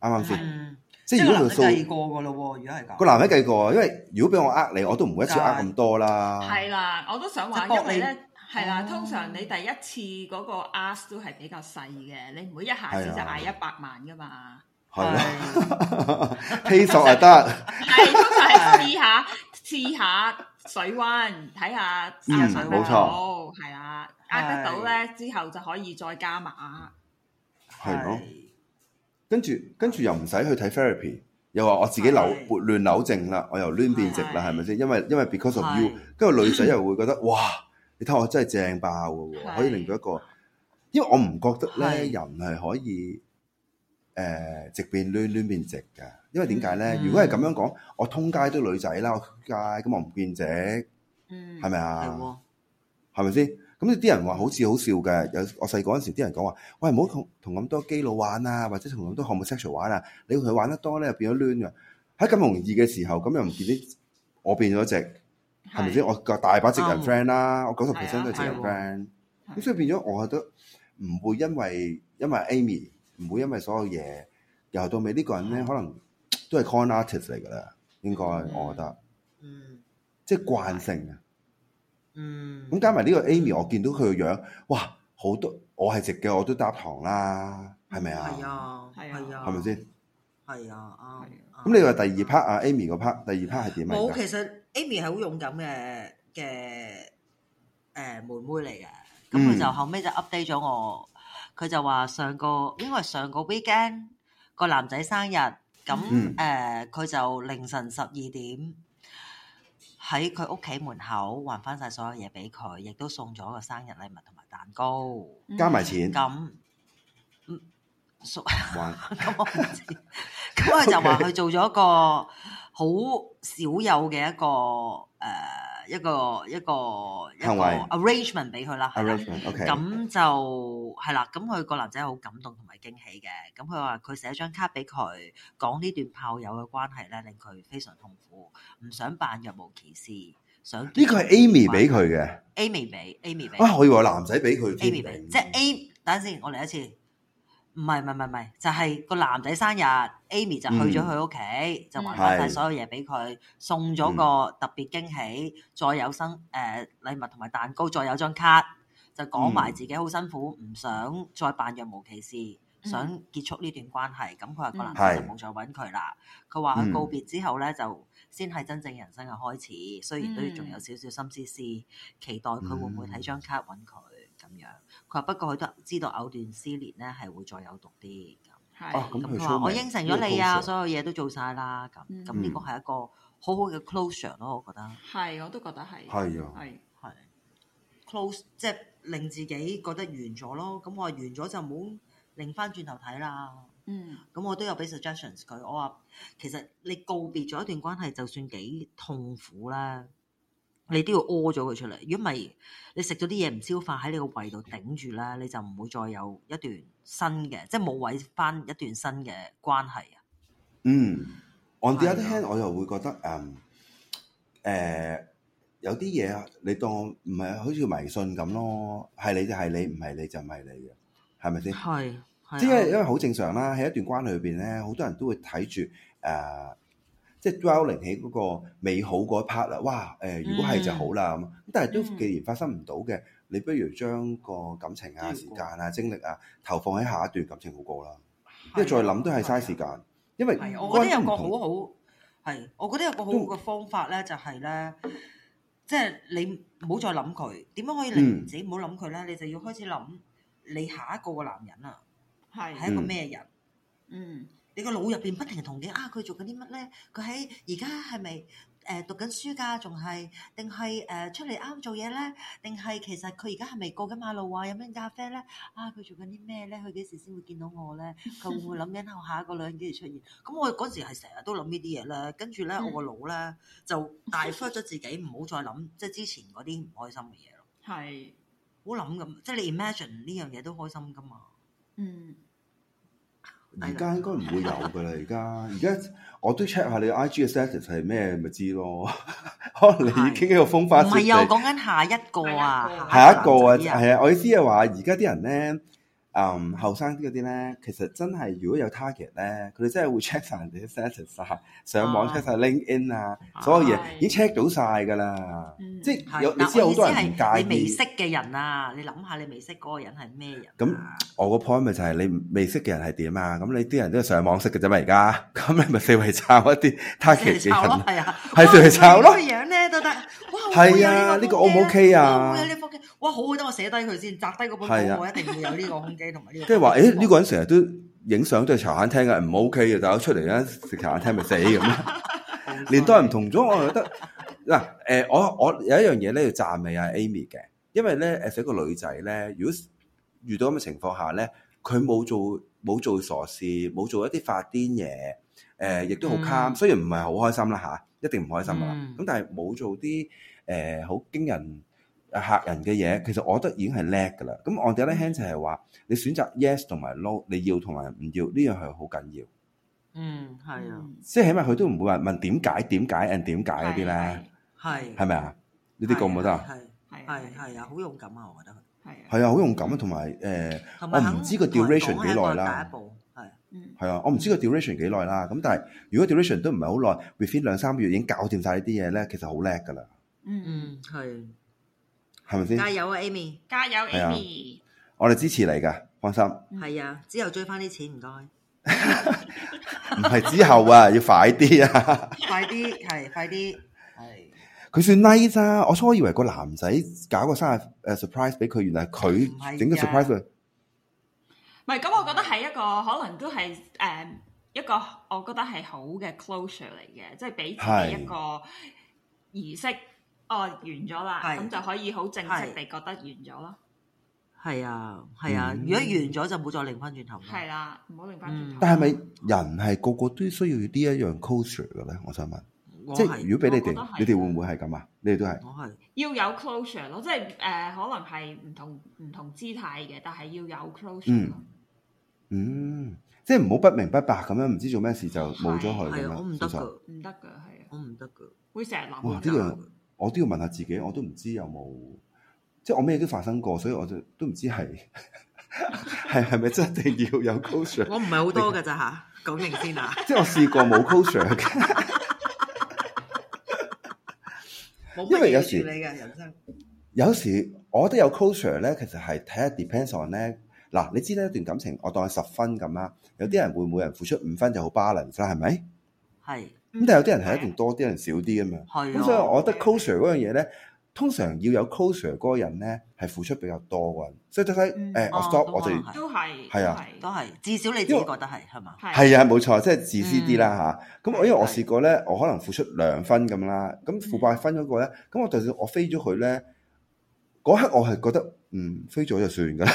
啱啱先？剛剛嗯、即係是如果個數個男人計過，因為如果俾我呃你，我都唔會一次呃咁多啦。係啦，我都想話，你因為咧係啦，通常你第一次嗰個 ask 都係比較細嘅，你唔會一下子就嗌一百萬噶嘛。係的，批錯係得，係通常係試下試下 水温，睇下水温，水冇、嗯、錯，係啦、哦。得到咧，之後就可以再加碼，係咯。跟住跟住又唔使去睇 therapy，又話我自己扭撥亂扭直啦，我又攣變直啦，係咪先？因為因為 because of you，跟住女仔又會覺得哇，你睇我真係正爆嘅，可以令到一個。因為我唔覺得咧，人係可以誒直變攣，攣變直嘅。因為點解咧？如果係咁樣講，我通街都女仔啦，我通街咁我唔變直，嗯，係咪啊？係咪先？咁你啲人話好似好笑嘅。有我細個嗰陣時，啲人講話，喂，唔好同同咁多基佬玩啊，或者同咁多項目 sexual 玩啊。你佢玩得多咧，又變咗 l u 㗎。喺咁容易嘅時候，咁又唔見啲我變咗隻，係咪先？是是我個大把職人 friend 啦、啊，嗯、我九十 percent 都係職人 friend。咁所以變咗，我覺得唔會因為因為 Amy，唔會因為所有嘢由到尾呢個人咧，嗯、可能都係 con artist 嚟㗎啦。應該我覺得，嗯，即、嗯、係慣性啊。嗯嗯，咁加埋呢個 Amy，我見到佢個樣，哇，好多我係直嘅，我都搭堂啦，係咪啊？係啊，係啊，係咪先？係啊啊！咁你話第二 part 啊，Amy 個 part，第二 part 係點啊？我其實 Amy 係好勇敢嘅嘅誒妹妹嚟嘅，咁佢就後尾就 update 咗我，佢就話上個因為上個 weekend 個男仔生日，咁誒佢就凌晨十二點。喺佢屋企門口還返晒所有嘢俾佢，亦都送咗個生日禮物同埋蛋糕，嗯、加埋錢咁，熟咁、嗯、 我唔知，咁 佢就話佢做咗一個好少有嘅一個誒。Uh, 一個一個一個為 arrangement 俾佢啦，OK 咁就係啦，咁佢個男仔好感動同埋驚喜嘅，咁佢話佢寫張卡俾佢講呢段炮友嘅關係咧，令佢非常痛苦，唔想扮若無其事。想呢個係 Amy 俾佢嘅，Amy 俾 Amy 俾啊，我以為男仔俾佢，Amy 俾給即係 Amy，等陣先，我嚟一次。唔係唔係唔係，就係個男仔生日，Amy 就去咗佢屋企，就還返曬所有嘢俾佢，送咗個特別驚喜，再有生誒禮物同埋蛋糕，再有張卡，就講埋自己好辛苦，唔想再扮若無其事，想結束呢段關係。咁佢話個男仔就冇再揾佢啦。佢話佢告別之後呢，就先係真正人生嘅開始。雖然都仲有少少心思思，期待佢會唔會睇張卡揾佢咁樣。佢話：不過佢都知道藕斷絲連咧，係會再有毒啲咁。係，咁佢話我應承咗你啊，所有嘢都做晒啦。咁咁呢個係一個好好嘅 closure 咯，我覺得。係，我都覺得係。係啊的。係係的。Close 即係令自己覺得完咗咯。咁我話完咗就唔好擰返轉頭睇啦。嗯。咁我都有俾 suggestions 佢，我話其實你告別咗一段關係，就算幾痛苦啦。你都要屙咗佢出嚟。如果唔係你食咗啲嘢唔消化喺你個胃度頂住咧，你就唔會再有一段新嘅，即係冇位翻一段新嘅關係啊。嗯，on the other hand，我又會覺得，嗯，誒、呃，有啲嘢啊，你當我唔係好似迷信咁咯，係你就係你，唔係你就唔係你嘅，係咪先？係，即係因為好正常啦，喺一段關係裏邊咧，好多人都會睇住誒。呃即係 dwelling 喺嗰個美好嗰一 part 啦，哇！誒，如果係就好啦咁，嗯、但係都既然發生唔到嘅，你不如將個感情啊、時間啊、精力啊，投放喺下一段感情好過啦。因為、啊、再諗都係嘥時間，的因為我覺得有個好好係，我覺得有個好好嘅方法咧、就係，嗯、就係咧，即係你唔好再諗佢，點樣可以令自己唔好諗佢咧？你就要開始諗你下一個嘅男人啊，係係的的一個咩人嗯？嗯。你個腦入邊不停同你啊，佢做緊啲乜咧？佢喺而家係咪誒讀緊書㗎？仲係定係誒出嚟啱做嘢咧？定係其實佢而家係咪過緊馬路啊？飲緊咖啡咧？啊，佢做緊啲咩咧？佢幾時先會見到我咧？佢會唔會諗緊我下一個女人幾時出現？咁我嗰時係成日都諗呢啲嘢啦。跟住咧，我個腦咧就大忽咗自己，唔好再諗即係之前嗰啲唔開心嘅嘢咯。係 好諗咁，即係你 imagine 呢樣嘢都開心噶嘛？嗯。而家應該唔會有㗎喇，而家而家我都 check 下你 I G 嘅 status 係咩，咪知咯。可能你已經有風花雪。唔係啊，我講緊下一個啊，下一個啊，係啊，啊我意思係話而家啲人咧。嗯，後生啲嗰啲咧，其實真係如果有 target 咧，佢哋真係會 check 曬人哋啲 social 上網 check 晒 link in 啊，哎、所有嘢已經 check 到晒㗎啦。嗯、即係有，是你知好多人唔介意你未識嘅人啊，你諗下你未識嗰個人係咩人，啊啊人，啊、人， 人？咁我個 point 咪就係你未識嘅人係點啊？咁你啲人都係上網識嘅啫嘛？而家咁你咪四圍抄一啲 target 嘅人，係四圍抄咯。個樣咧都得。係啊，呢個 O 唔 OK 啊？有呢幅機，哇，好啊！得我寫低佢先，摘低嗰本簿，我一定要有呢個空肌。即係話，誒呢個人成日都影相都係茶餐廳嘅唔 OK 嘅，但係出嚟咧食茶餐廳咪死咁，年代唔同咗，我又覺得嗱，誒我我有一樣嘢咧要讚美阿 Amy 嘅，因為咧誒一個女仔咧，如果遇到咁嘅情況下咧，佢冇做冇做傻事，冇做一啲發癲嘢，誒亦都好 calm，雖然唔係好開心啦吓，一定唔開心啦，咁但係冇做啲誒好驚人。客人嘅嘢，其實我覺得已經係叻㗎啦。咁 on the other hand 就係話，你選擇 yes 同埋 no，你要同埋唔要呢樣係好緊要。嗯，係啊。即係起碼佢都唔會話問點解、點解、誒點解嗰啲咧。係。係咪啊？你哋覺唔覺得啊？係係係啊！好勇敢啊，我覺得。係啊。係啊，好勇敢啊，同埋誒，我唔知個 duration 幾耐啦。係。係啊，我唔知個 duration 幾耐啦。咁但係如果 duration 都唔係好耐，within 兩三個月已經搞掂曬呢啲嘢咧，其實好叻㗎啦。嗯嗯，係。係咪先？是是加油啊，Amy！加油，Amy！啊、我哋支持你噶，放心。係啊，之後追翻啲錢唔該。唔係 之後啊，要快啲啊， 啊！快啲，係快啲，係。佢算 nice 啊！我初以為個男仔搞個生日誒 surprise 俾佢，原來係佢整個 surprise 佢。唔係咁， 我覺得係一個可能都係誒、呃、一個，我覺得係好嘅 closure 嚟嘅，即係俾自己一個儀式。 是啊 哦，完咗啦，咁就可以好正式地覺得完咗咯。係啊，係啊，如果完咗就冇再擰翻轉頭。係啦，唔好擰翻轉頭。但係咪人係個個都需要呢一樣 closure 嘅咧？我想問，即係如果俾你哋，你哋會唔會係咁啊？你哋都係我係要有 closure 咯，即係誒，可能係唔同唔同姿態嘅，但係要有 closure。嗯，即係唔好不明不白咁樣，唔知做咩事就冇咗佢。我唔得噶，唔得噶，係啊，我唔得噶，會成日諗呢樣。我都要問下自己，我都唔知有冇，即係我咩都發生過，所以我就都唔知係係係咪真定要有 closure 我唔係好多噶咋吓，講 明先啊！ 即係我試過冇 closure 嘅 有咩嘢嘅人生。有時我覺得有 closure 咧，其實係睇下 depends on 咧。嗱，你知呢一段感情，我當係十分咁啦。有啲人會,會每人付出五分就好 balance 啦，係咪？係。咁但有啲人係一定多啲，人少啲啊嘛。咁所以我覺得 closure 嗰樣嘢咧，通常要有 closure 嗰個人咧係付出比較多嘅。所以睇睇誒，我 stop 我就係啊，都係至少你自己覺得係係嘛？係啊，冇錯，即係自私啲啦吓。咁我因為我試過咧，我可能付出兩分咁啦。咁腐敗分咗個咧，咁我就算我飛咗佢咧，嗰刻我係覺得。嗯，飛咗就算噶啦，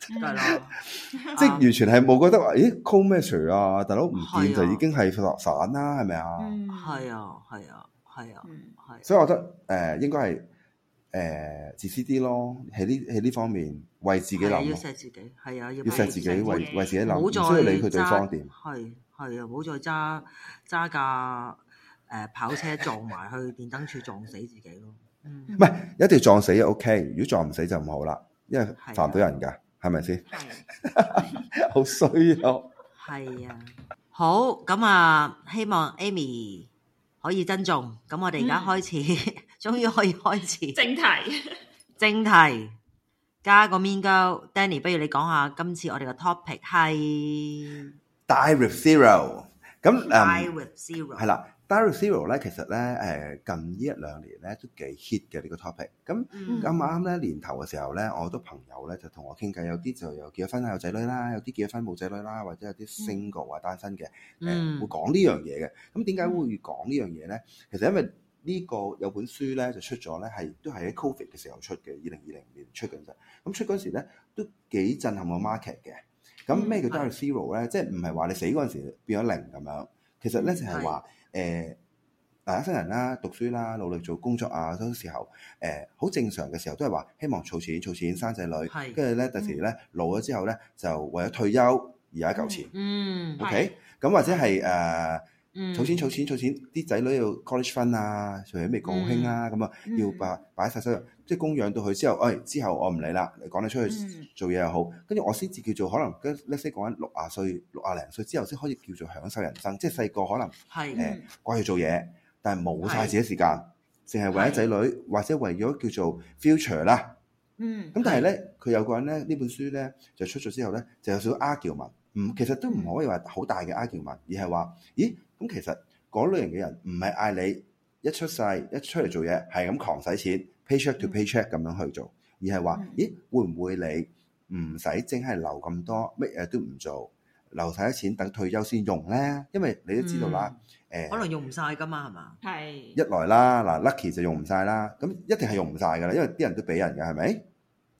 係啦，即係完全係冇覺得話，咦，call 咩水啊？大佬唔見就已經係落散啦，係咪啊？嗯，係啊，係啊，係啊，係。所以我覺得誒，應該係誒自私啲咯，喺呢喺呢方面為自己諗，要錫自己，係啊，要錫自己，為為自己諗，好，唔需要理佢對方點。係係啊，唔好再揸揸架誒跑車撞埋去電燈柱撞死自己咯唔係、嗯，一定撞死就 OK。如果撞唔死就唔好啦，因為煩到人噶，係咪先？好衰咯，啊，係啊。好，咁啊，希望 Amy 可以珍重。咁我哋而家開始，嗯、終於可以開始正題。正題加個 mean girl，Denny，不如你講下今次我哋嘅 topic 係 die with zero。咁 die with zero 係、嗯、啦。Die with Zero 咧，其實咧，誒近呢一兩年咧都幾 hit 嘅呢個 topic。咁咁啱咧，年頭嘅時候咧，我好多朋友咧就同我傾偈，有啲就有結咗婚啦，有仔女啦；有啲結咗婚冇仔女啦，或者有啲 single 啊單身嘅誒，嗯、會講呢樣嘢嘅。咁點解會講呢樣嘢咧？其實因為呢個有本書咧就出咗咧，係都係喺 covid 嘅時候出嘅，二零二零年出緊陣。咁出嗰陣時咧都幾震撼個 market 嘅。咁咩叫 Die with Zero 咧？的即係唔係話你死嗰陣時變咗零咁樣？其實咧就係話。誒，嗱一生人啦，讀書啦，努力做工作啊，好多時候誒，好、呃、正常嘅時候都係話希望儲錢儲錢生仔女，女，跟住咧第時咧、嗯、老咗之後咧就為咗退休而有一嚿錢。嗯，OK，咁或者係誒。Uh, 儲錢儲錢儲錢，啲仔女要 college fund 啊，喺美國好興啊，咁啊、嗯、要擺擺曬手即係供養到佢之後，誒、哎、之後我唔理啦，趕你出去做嘢又好，跟住、嗯、我先至叫做可能嗰啲，那些講緊六啊歲、六啊零歲之後先可以叫做享受人生，即係細個可能誒過、嗯呃、去做嘢，但係冇晒自己時間，淨係、嗯、為咗仔女、嗯、或者為咗叫做 future 啦，嗯，咁、嗯、但係咧佢有個人咧呢本書咧就出咗之後咧就有少少 argument，唔其實都唔可以話好大嘅 argument，而係話咦～咦咁其實嗰類型嘅人唔係嗌你一出世一出嚟做嘢係咁狂使錢，pay check to pay check 咁樣去做，而係話：嗯、咦，會唔會你唔使淨係留咁多，乜嘢都唔做，留晒啲錢等退休先用咧？因為你都知道啦，誒、嗯，欸、可能用唔晒噶嘛，係嘛？係一來啦，嗱，lucky 就用唔晒啦，咁一定係用唔晒噶啦，因為啲人都俾人噶，係咪？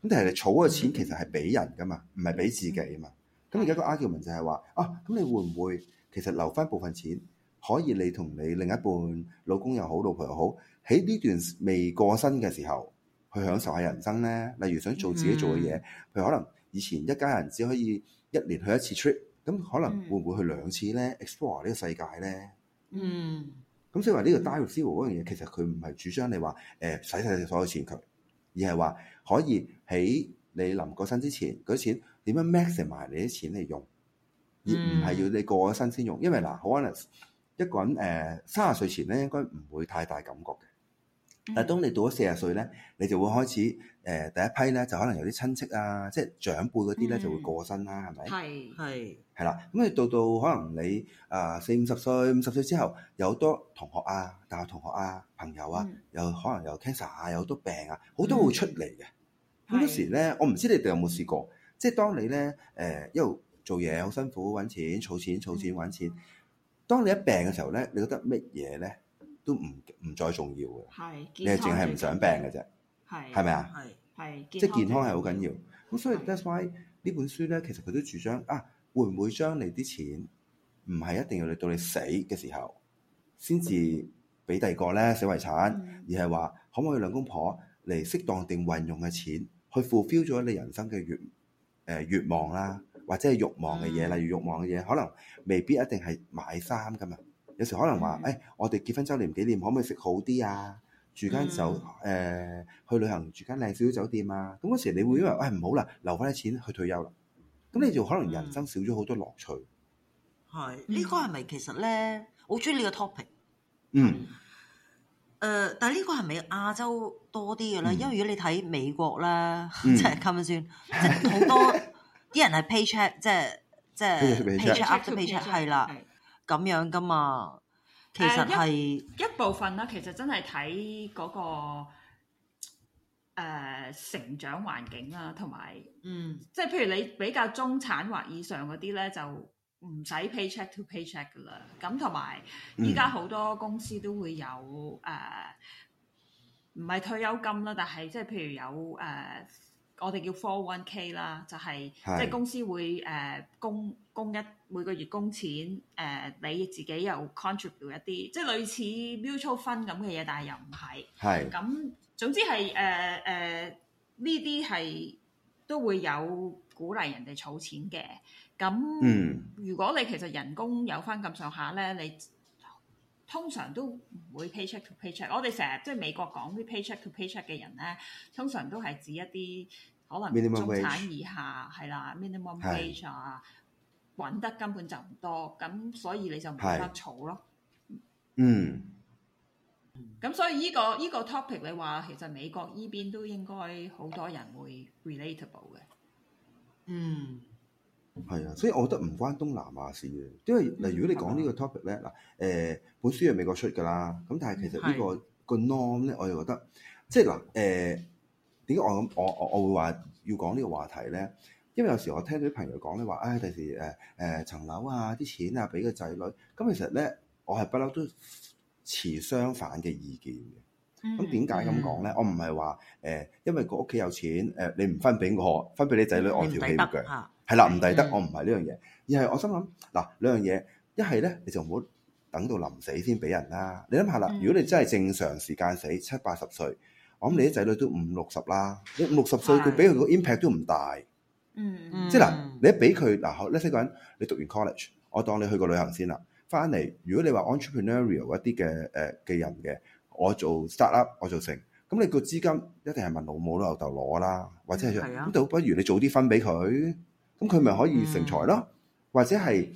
咁但係你儲嘅錢其實係俾人噶嘛，唔係俾自己嘛。咁而家個 argument 就係話：啊，咁你會唔會？其實留翻部分錢，可以你同你另一半、老公又好、老婆又好，喺呢段未過身嘅時候，去享受下人生呢。例如想做自己做嘅嘢，譬如可能以前一家人只可以一年去一次 trip，咁可能會唔會去兩次呢？Explore 呢個世界呢？嗯、mm。咁、hmm. 所以話呢個 die with zero 嗰樣嘢，其實佢唔係主張你話誒使晒所有錢佢，而係話可以喺你臨過身之前，嗰啲錢點樣 maximize 你啲錢嚟用。而唔係要你過咗身先用，因為嗱，可能一個人誒三十歲前咧，應該唔會太大感覺嘅。但係當你到咗四十歲咧，你就會開始誒、呃、第一批咧，就可能有啲親戚啊，即係長輩嗰啲咧就會過身啦，係咪？係係係啦。咁你到到可能你啊四五十歲、五十歲之後，有好多同學啊、大學同學啊、朋友啊，又、嗯、可能有 cancer 啊，有好多病啊，好多會出嚟嘅。咁嗰、嗯、時咧，我唔知你哋有冇試過，即係當你咧誒又。呃一做嘢好辛苦，揾錢、儲錢、儲錢揾錢。當你一病嘅時候咧，你覺得乜嘢咧都唔唔再重要嘅。係，你淨係唔想病嘅啫。係，係咪啊？係係，即係健康係好緊要。咁所以 that's why 呢本書咧，其實佢都主張啊，會唔會將你啲錢唔係一定要到你死嘅時候先至俾第二個咧死遺產，而係話可唔可以兩公婆嚟適當定運用嘅錢去 fulfill 咗你人生嘅願誒願望啦？或者係慾望嘅嘢，例如慾望嘅嘢，可能未必一定係買衫㗎嘛。有時可能話，誒、嗯哎，我哋結婚周年紀念，可唔可以食好啲啊？住間酒誒、呃、去旅行，住間靚少少酒店啊？咁嗰時你會以為誒唔、哎、好啦，留翻啲錢去退休啦。咁你就可能人生少咗好多樂趣。係，呢、呢個係咪其實咧，好中意呢個 topic？嗯。誒，uh, 但係呢個係咪亞洲多啲嘅咧？因為如果你睇美國啦，嗯、即係咁樣算，即係好多。 啲人係 pay check，即係即係 pay check up to pay check，係啦的，咁樣噶嘛。Uh, 其實係一,一部分啦，其實真係睇嗰個誒、呃、成長環境啦，同埋嗯，即係譬如你比較中產或以上嗰啲咧，就唔使 pay check to pay check 噶啦。咁同埋依家好多公司都會有誒，唔係、嗯呃、退休金啦，但係即係譬如有誒。呃我哋叫 Four One K 啦，就係、是，是即係公司會誒供供一每個月供錢誒、呃，你自己又 contribute 一啲，即係類似 mutual fund 咁嘅嘢，但係又唔係，係是，咁總之係誒誒呢啲係都會有鼓勵人哋儲錢嘅。咁，嗯、如果你其實人工有翻咁上下咧，你。通常都唔會 paycheck to paycheck 我。我哋成日即係美國講啲 paycheck to paycheck 嘅人咧，通常都係指一啲可能中產以下係啦 Min、um、，minimum wage 啊，揾得根本就唔多，咁所以你就冇得儲咯的。哦、嗯。咁所以呢、呢個依、呢個 topic 你話其實美國依邊都應該好多人會 relatable 嘅。嗯。係啊，所以我覺得唔關東南亞事嘅，因為嗱，如果你講個呢個 topic 咧嗱，誒、嗯呃、本書係美國出㗎啦。咁但係其實呢、呢個個 norm 咧，我又覺得即係嗱誒點解我咁我我我會話要講呢個話題咧？因為有時我聽到啲朋友講咧話，唉、哎，第時誒誒層樓啊，啲錢啊，俾個仔女咁。其實咧，我係不嬲都持相反嘅意見嘅。咁點解咁講咧？嗯嗯、我唔係話誒，因為個屋企有錢誒，你唔分俾我，分俾你仔女，我唔抵得係啦，唔抵得我，我唔係呢樣嘢，而係我心諗，嗱兩樣嘢，一係咧，你就唔好等到臨死先俾人啦。你諗下啦，如果你真係正常時間死，嗯、七八十歲，我諗你啲仔女都五六十啦，你五六十歲，佢俾佢個 impact 都唔大，嗯，嗯即係嗱，你一俾佢嗱，呢四個人，你讀完 college，我當你去過旅行先啦。翻嚟，如果你話 entrepreneurial 一啲嘅誒嘅人嘅，我做 startup，我做成，咁你個資金一定係問老母老豆攞啦，或者係咁，倒不如你早啲分俾佢。咁佢咪可以成才咯？嗯、或者係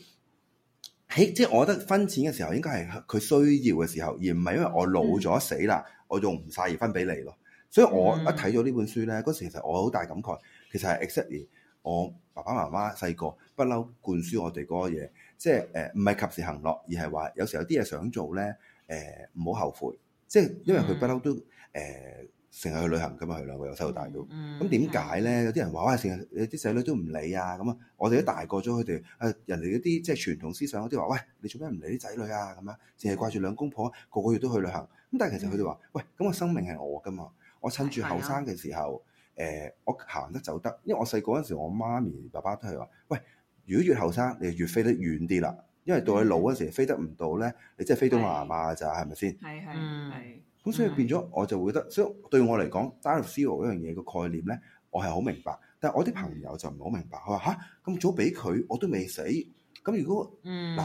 喺即係我覺得分錢嘅時候，應該係佢需要嘅時候，而唔係因為我老咗死啦，嗯、我用唔曬而分俾你咯。所以我一睇咗呢本書咧，嗰時其實我好大感慨，其實係 exactly 我爸爸媽媽細個不嬲灌輸我哋嗰個嘢，即係誒唔係及時行樂，而係話有時候有啲嘢想做咧，誒唔好後悔，即、就、係、是、因為佢不嬲都誒。呃嗯嗯成日去旅行噶嘛佢兩個由細到大都，咁點解咧？有啲人話話成日，有啲仔女都唔理啊咁啊！我哋都大個咗佢哋，誒人哋嗰啲即係傳統思想嗰啲話，喂，你做咩唔理啲仔女啊？咁樣，淨係掛住兩公婆，個個月都去旅行。咁但係其實佢哋話，喂，咁我生命係我噶嘛？我趁住後生嘅時候，誒，我行得走得。因為我細個嗰陣時，我媽咪爸爸都係話，喂，如果越後生，你就越飛得遠啲啦。因為到你老嗰陣時，飛得唔到咧，你即係飛到麻麻咋，係咪先？係係係。咁所以變咗，我就會覺得，所以對我嚟講，Die With Zero 一樣嘢嘅概念咧，我係好明白。但係我啲朋友就唔係好明白，佢話吓，咁、啊、早俾佢我都未死。咁、啊、如果，嗯，嗱，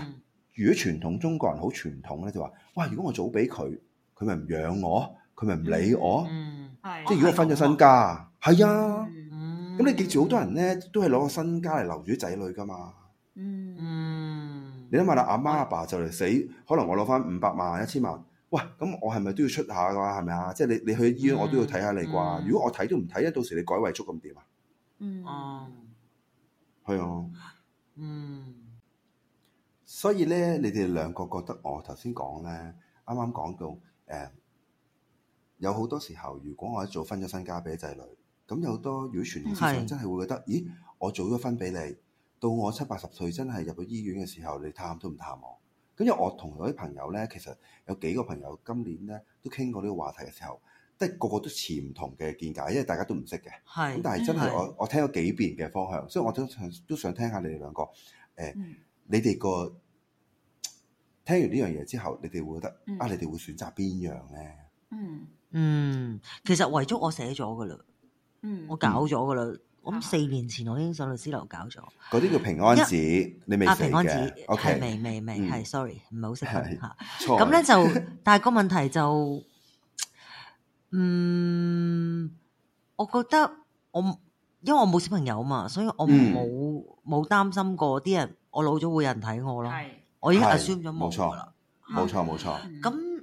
如果傳統中國人好傳統咧，就話、是，哇、啊，如果我早俾佢，佢咪唔養我，佢咪唔理我。嗯、mm.，係。即係如果我分咗身家，係、mm. 啊。嗯。咁你記住，好多人咧都係攞個身家嚟留住仔女噶嘛。嗯、mm. 你諗下啦，阿、啊、媽阿、mm. 啊、爸就嚟死，可能我攞翻五百萬一千萬。喂，咁我係咪都要出下噶？係咪啊？是是即係你你去醫院我都要睇下你啩？嗯嗯、如果我睇都唔睇咧，到時你改遺囑咁點啊？嗯，哦、啊，係啊、嗯，嗯，所以咧，你哋兩個覺得我頭先講咧，啱啱講到誒、嗯，有好多時候，如果我一早分咗身家俾仔女，咁有好多如果傳統思想真係會覺得，是咦，我做咗分俾你，到我七八十歲真係入咗醫院嘅時候，你探都唔探我？跟住我同嗰啲朋友咧，其實有幾個朋友今年咧都傾過呢個話題嘅時候，即係個個都持唔同嘅見解，因為大家都唔識嘅。係咁是，但係真係我的我聽咗幾遍嘅方向，所以我都想都想聽下你哋兩個誒，呃嗯、你哋個聽完呢樣嘢之後，你哋會覺得啊，你哋會選擇邊樣咧？嗯嗯，其實遺囑我寫咗噶啦，嗯，我搞咗噶啦。嗯咁四年前我已經上律師樓搞咗，嗰啲叫平安紙，你未食嘅？平安紙，O K，係未未未，係，sorry，唔係好識講吓。咁咧就，但係個問題就，嗯，我覺得我因為我冇小朋友嘛，所以我冇冇擔心過啲人，我老咗會有人睇我咯。係，我已經係算咗冇錯啦，冇錯冇錯。咁。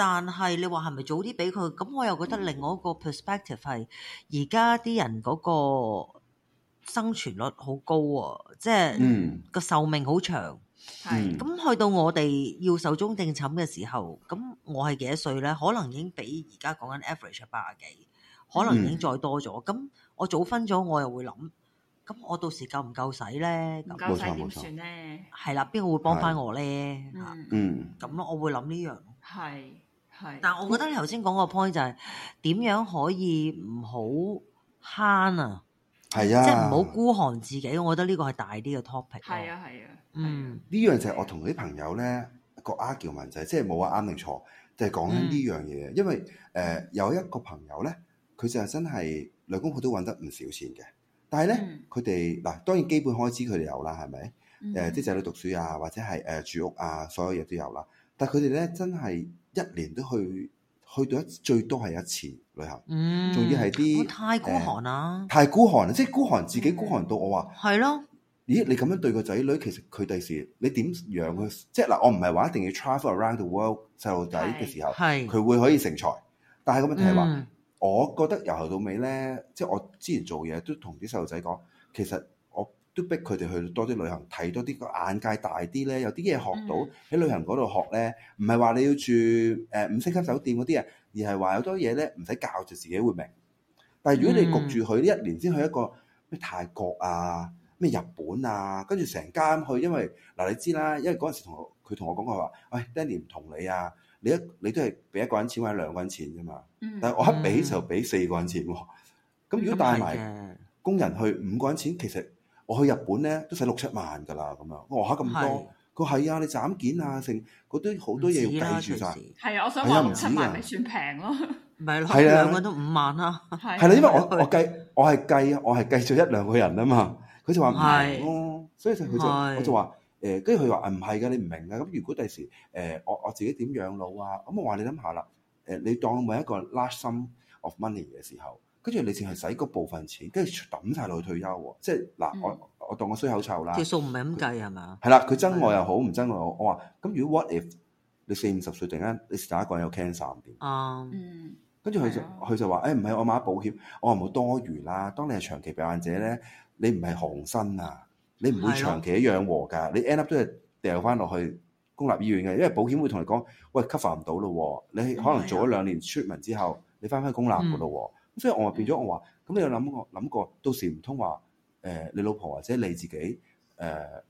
但係你話係咪早啲俾佢？咁我又覺得另外一個 perspective 係而家啲人嗰個生存率好高喎、啊，即係個壽命好長。係咁、嗯、去到我哋要壽終定寢壽終正寢嘅時候，咁我係幾多歲咧？可能已經比而家講緊 average 八十幾，可能已經再多咗。咁、嗯、我早分咗，我又會諗，咁我到時夠唔夠使咧？夠使點算咧？係啦，邊個會幫翻我咧？嗯，咁咯、啊，我會諗呢樣。係。係，但係我覺得你頭先講個 point 就係點樣可以唔好慳啊？係啊，即係唔好孤寒自己。我覺得呢個係大啲嘅 topic。係啊，係啊，啊啊嗯，呢樣就係我同啲朋友咧，個 argument 就係、是、即係冇話啱定錯，就係講緊呢樣嘢。嗯、因為誒、呃，有一個朋友咧，佢就真係兩公婆都揾得唔少錢嘅，但係咧，佢哋嗱，當然基本開支佢哋有啦，係咪？誒、嗯，啲仔女讀書啊，或者係誒、呃、住屋啊，所有嘢都有啦。但係佢哋咧真係。一年都去去到一最多係一次旅行，嗯，仲要係啲太孤寒啦、呃，太孤寒即係孤寒自己孤寒到我話係咯，嗯、咦？你咁樣對個仔女，其實佢第時你點養佢？即係嗱，我唔係話一定要 travel around the world，細路仔嘅時候，係佢會可以成才，但係個問題係話，嗯、我覺得由頭到尾咧，即係我之前做嘢都同啲細路仔講，其實。都逼佢哋去多啲旅行，睇多啲，個眼界大啲咧，有啲嘢學到喺、嗯、旅行嗰度學咧，唔係話你要住誒、呃、五星級酒店嗰啲啊，而係話有多嘢咧，唔使教住自己會明。但係如果你焗住佢呢一年先去一個咩泰國啊、咩日本啊，跟住成間去。因為嗱、呃、你知啦，因為嗰陣時同佢同我講過話，喂，Denny 唔同你啊，你一你都係俾一個人錢或者兩個人錢啫嘛。但係我一俾就俾四個人錢喎。咁、嗯嗯嗯、如果帶埋工人去五個人錢，其實～我去日本咧都使六七萬噶啦，咁樣我吓咁多，佢係啊，你斬件啊剩，嗰啲好多嘢要計住晒。係啊，我想話唔止啊，算平咯，唔係咯，係啊，兩個都五萬啦。係啦，因為我我計我係計我係計咗一兩個人啊嘛，佢就話唔係，所以就佢就我就話誒，跟住佢話唔係噶，你唔明噶，咁如果第時誒我我自己點養老啊，咁我話你諗下啦，誒你當每一個 large sum of money 嘅時候。跟住你淨係使嗰部分錢，跟住抌晒落去退休喎、啊。即係嗱，我我，我當我衰口臭啦。其實唔係咁計係嘛？係啦，佢憎我又好，唔憎我又好。我話咁，如果 what if 你四五十歲陣間，你打一個人有 cancer 點？哦、嗯，跟住佢就佢的就話，誒唔係，我買保險，我話唔好多餘啦。當你係長期病患者咧，你唔係雄身啊，你唔會長期一養和噶。的你 end up 都係掉翻落去公立醫院嘅，因為保險會同你講，喂 cover 唔到咯。你可能做咗兩年 treatment 之後，你翻翻去公立噶咯、啊。即係我話變咗，我話咁你有諗過諗過，到時唔通話誒你老婆或者你自己誒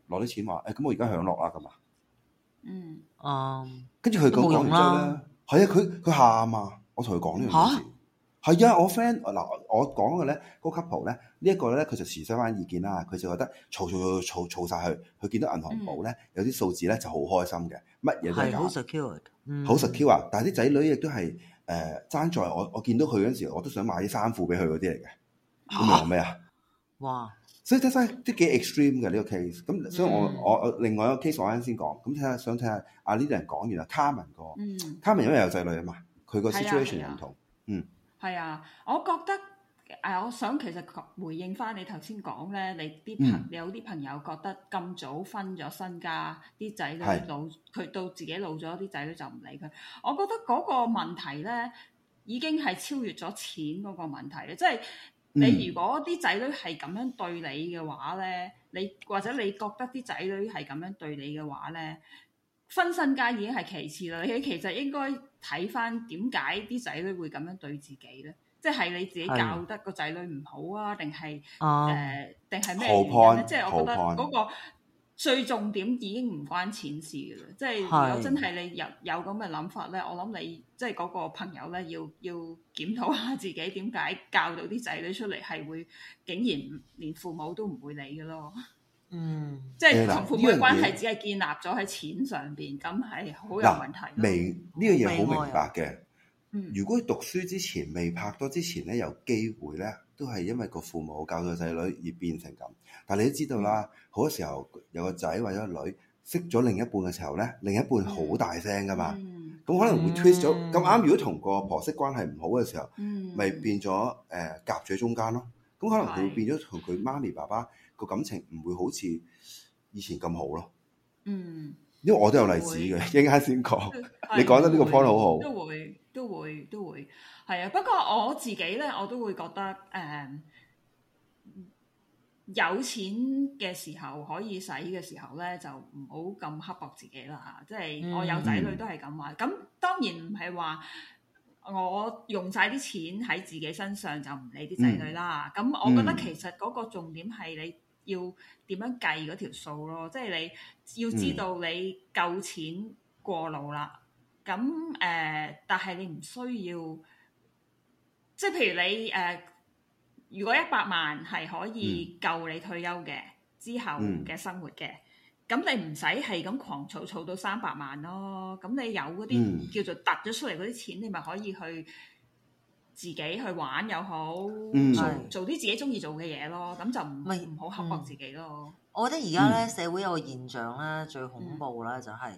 攞啲錢話誒咁我而家享樂啦咁啊？嗯啊，跟住佢講講完咗咧，係啊，佢佢喊啊！我同佢講呢樣事，係啊，我 friend 嗱我講嘅咧，嗰 couple 咧呢一個咧佢就持相反意見啦，佢就覺得嘈嘈嘈嘈嘈曬去，佢見到銀行簿咧有啲數字咧就好開心嘅，乜嘢都係，好 secure，好 secure 啊！但係啲仔女亦都係。誒爭在我，我見到佢嗰陣時，我都想買啲衫褲俾佢嗰啲嚟嘅，咁樣咩啊？哇！所以真真係都幾 extreme 嘅呢個 case。咁所以我我另外一個 case 我啱先講，咁睇下想睇下阿呢啲人講完 Carmen、嗯、Carmen 因為有仔女啊嘛，佢個 situation 唔、啊啊、同，嗯，係啊，我覺得。啊！我想其實回應翻你頭先講咧，你啲有啲朋友覺得咁早分咗身家，啲仔、嗯、女老佢到自己老咗，啲仔女就唔理佢。我覺得嗰個問題咧，已經係超越咗錢嗰個問題咧。即係，你如果啲仔女係咁樣對你嘅話咧，嗯、你或者你覺得啲仔女係咁樣對你嘅話咧，分身家已經係其次啦。你其實應該睇翻點解啲仔女會咁樣對自己咧？即係你自己教得個仔女唔好啊？定係誒？定係咩原因咧、啊？分即係我覺得嗰個最重點已經唔關錢事噶啦。分即係如果真係你有有咁嘅諗法咧，我諗你即係嗰個朋友咧，要要檢討下自己，點解教到啲仔女出嚟係會竟然連父母都唔會理嘅咯？嗯，即係同父母嘅關係只係建立咗喺錢上邊，咁係好有問題。未，呢個嘢好明白嘅。如果讀書之前未拍拖之前咧，嗯、有機會咧，都係因為個父母教佢仔女而變成咁。但係你都知道啦，嗯、好多時候有個仔或者個女識咗另一半嘅時候咧，另一半好大聲噶嘛，咁、嗯、可能會 twist 咗。咁啱、嗯，如果同個婆媳關係唔好嘅時候，咪、嗯、變咗誒夾咗中間咯。咁可能佢會變咗同佢媽咪爸爸個感情唔會好似以前咁好咯。嗯。嗯因為我都有例子嘅，應該先講，講對你講得呢個 point 好好。都會都會都會，係啊。不過我自己咧，我都會覺得誒、嗯，有錢嘅時候可以使嘅時候咧，就唔好咁刻薄自己啦吓。即、就、係、是、我有仔女都係咁話。咁、嗯、當然唔係話我用晒啲錢喺自己身上就唔理啲仔女啦。咁、嗯、我覺得其實嗰個重點係你。要點樣計嗰條數咯？即係你要知道你夠錢過路啦。咁誒、嗯呃，但係你唔需要，即係譬如你誒、呃，如果一百萬係可以夠你退休嘅、嗯、之後嘅生活嘅，咁、嗯、你唔使係咁狂儲儲到三百萬咯。咁你有嗰啲叫做突咗出嚟嗰啲錢，你咪可以去自己去玩又好，做啲自己中意做嘅嘢咯，咁就唔係唔好刻薄自己咯。我覺得而家咧社會有個現象咧最恐怖啦，就係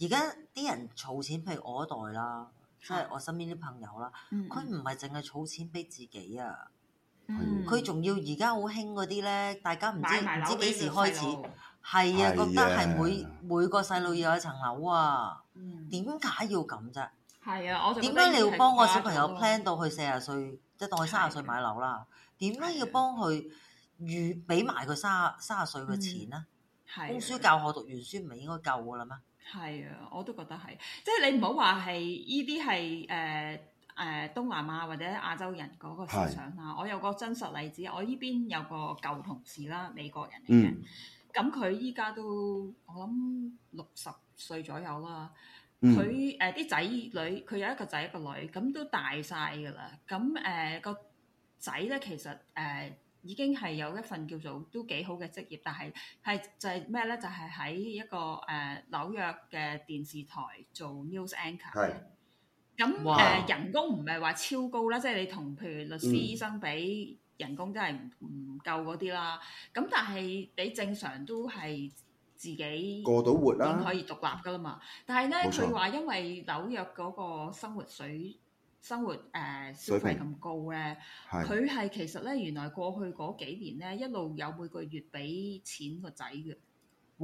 而家啲人儲錢，譬如我一代啦，即係我身邊啲朋友啦，佢唔係淨係儲錢俾自己啊，佢仲要而家好興嗰啲咧，大家唔知唔知幾時開始，係啊，覺得係每每個細路要有一層樓啊，點解要咁啫？係啊，我覺得點解你要幫個小朋友 plan 到佢四啊歲，即係當佢卅歲買樓啦？點解的要幫佢預俾埋佢卅卅歲嘅錢咧？係的，供書教學讀完書唔係應該夠噶啦咩？係啊，我都覺得係，即係你唔好話係呢啲係誒誒東南亞或者亞洲人嗰個思想啊。的我有個真實例子，我呢邊有個舊同事啦，美國人嚟嘅，咁佢依家都我諗六十歲左右啦。佢誒啲仔女，佢有一個仔一個女，咁都大曬㗎啦。咁誒個仔咧，其實誒已經係有一份叫做都幾好嘅職業，但係係就係咩咧？就係喺一個誒紐約嘅電視台做 news anchor。係。咁誒人工唔係話超高啦，即係你同譬如律師、醫生比，人工真係唔唔夠嗰啲啦。咁但係你正常都係，自己過到活啦，已經可以獨立噶啦嘛。但係咧，佢話錯因為紐約嗰個生活水、生活誒、呃、消費咁高咧，佢係平其實咧，原來過去嗰幾年咧，一路有每個月俾錢個仔嘅。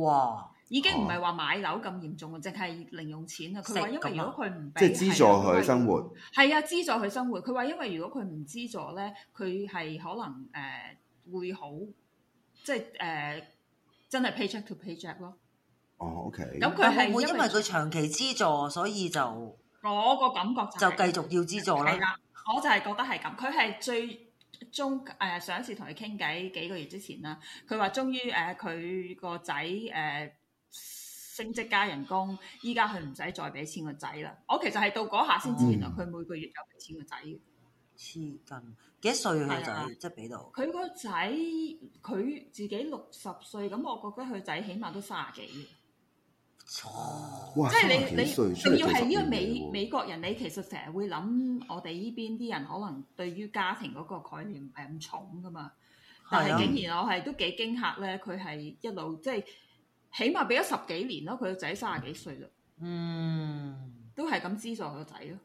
哇，已經唔係話買樓咁嚴重啊，淨係零用錢啊。佢話吃因為如果佢唔俾，即係資助佢生活，係啊，資、啊、助佢生活。佢話因為如果佢唔資助咧，佢係可能誒、呃、會好即係誒。呃真係 paycheck to paycheck 咯。哦，OK。咁佢係唔會因為佢長期資助，所以就我個感覺、就是、就繼續要資助啦。係啦，我就係覺得係咁。佢係最終誒上一次同佢傾偈幾個月之前啦，佢話終於誒佢個仔誒升職加人工，依家佢唔使再俾錢個仔啦。我其實係到嗰下先知，原來佢每個月有俾錢個仔。黐筋、嗯。幾歲佢就即係俾到？佢個仔，佢自己六十歲，咁我覺得佢仔起碼都卅幾。哇！即係你你，仲要係呢個美美國人，你其實成日會諗我哋呢邊啲人可能對於家庭嗰個概念係咁重噶嘛，但係竟然我係都幾驚吓咧，佢係一路即係、就是、起碼俾咗十幾年咯，佢個仔卅幾歲啦。嗯，都係咁資助佢個仔咯。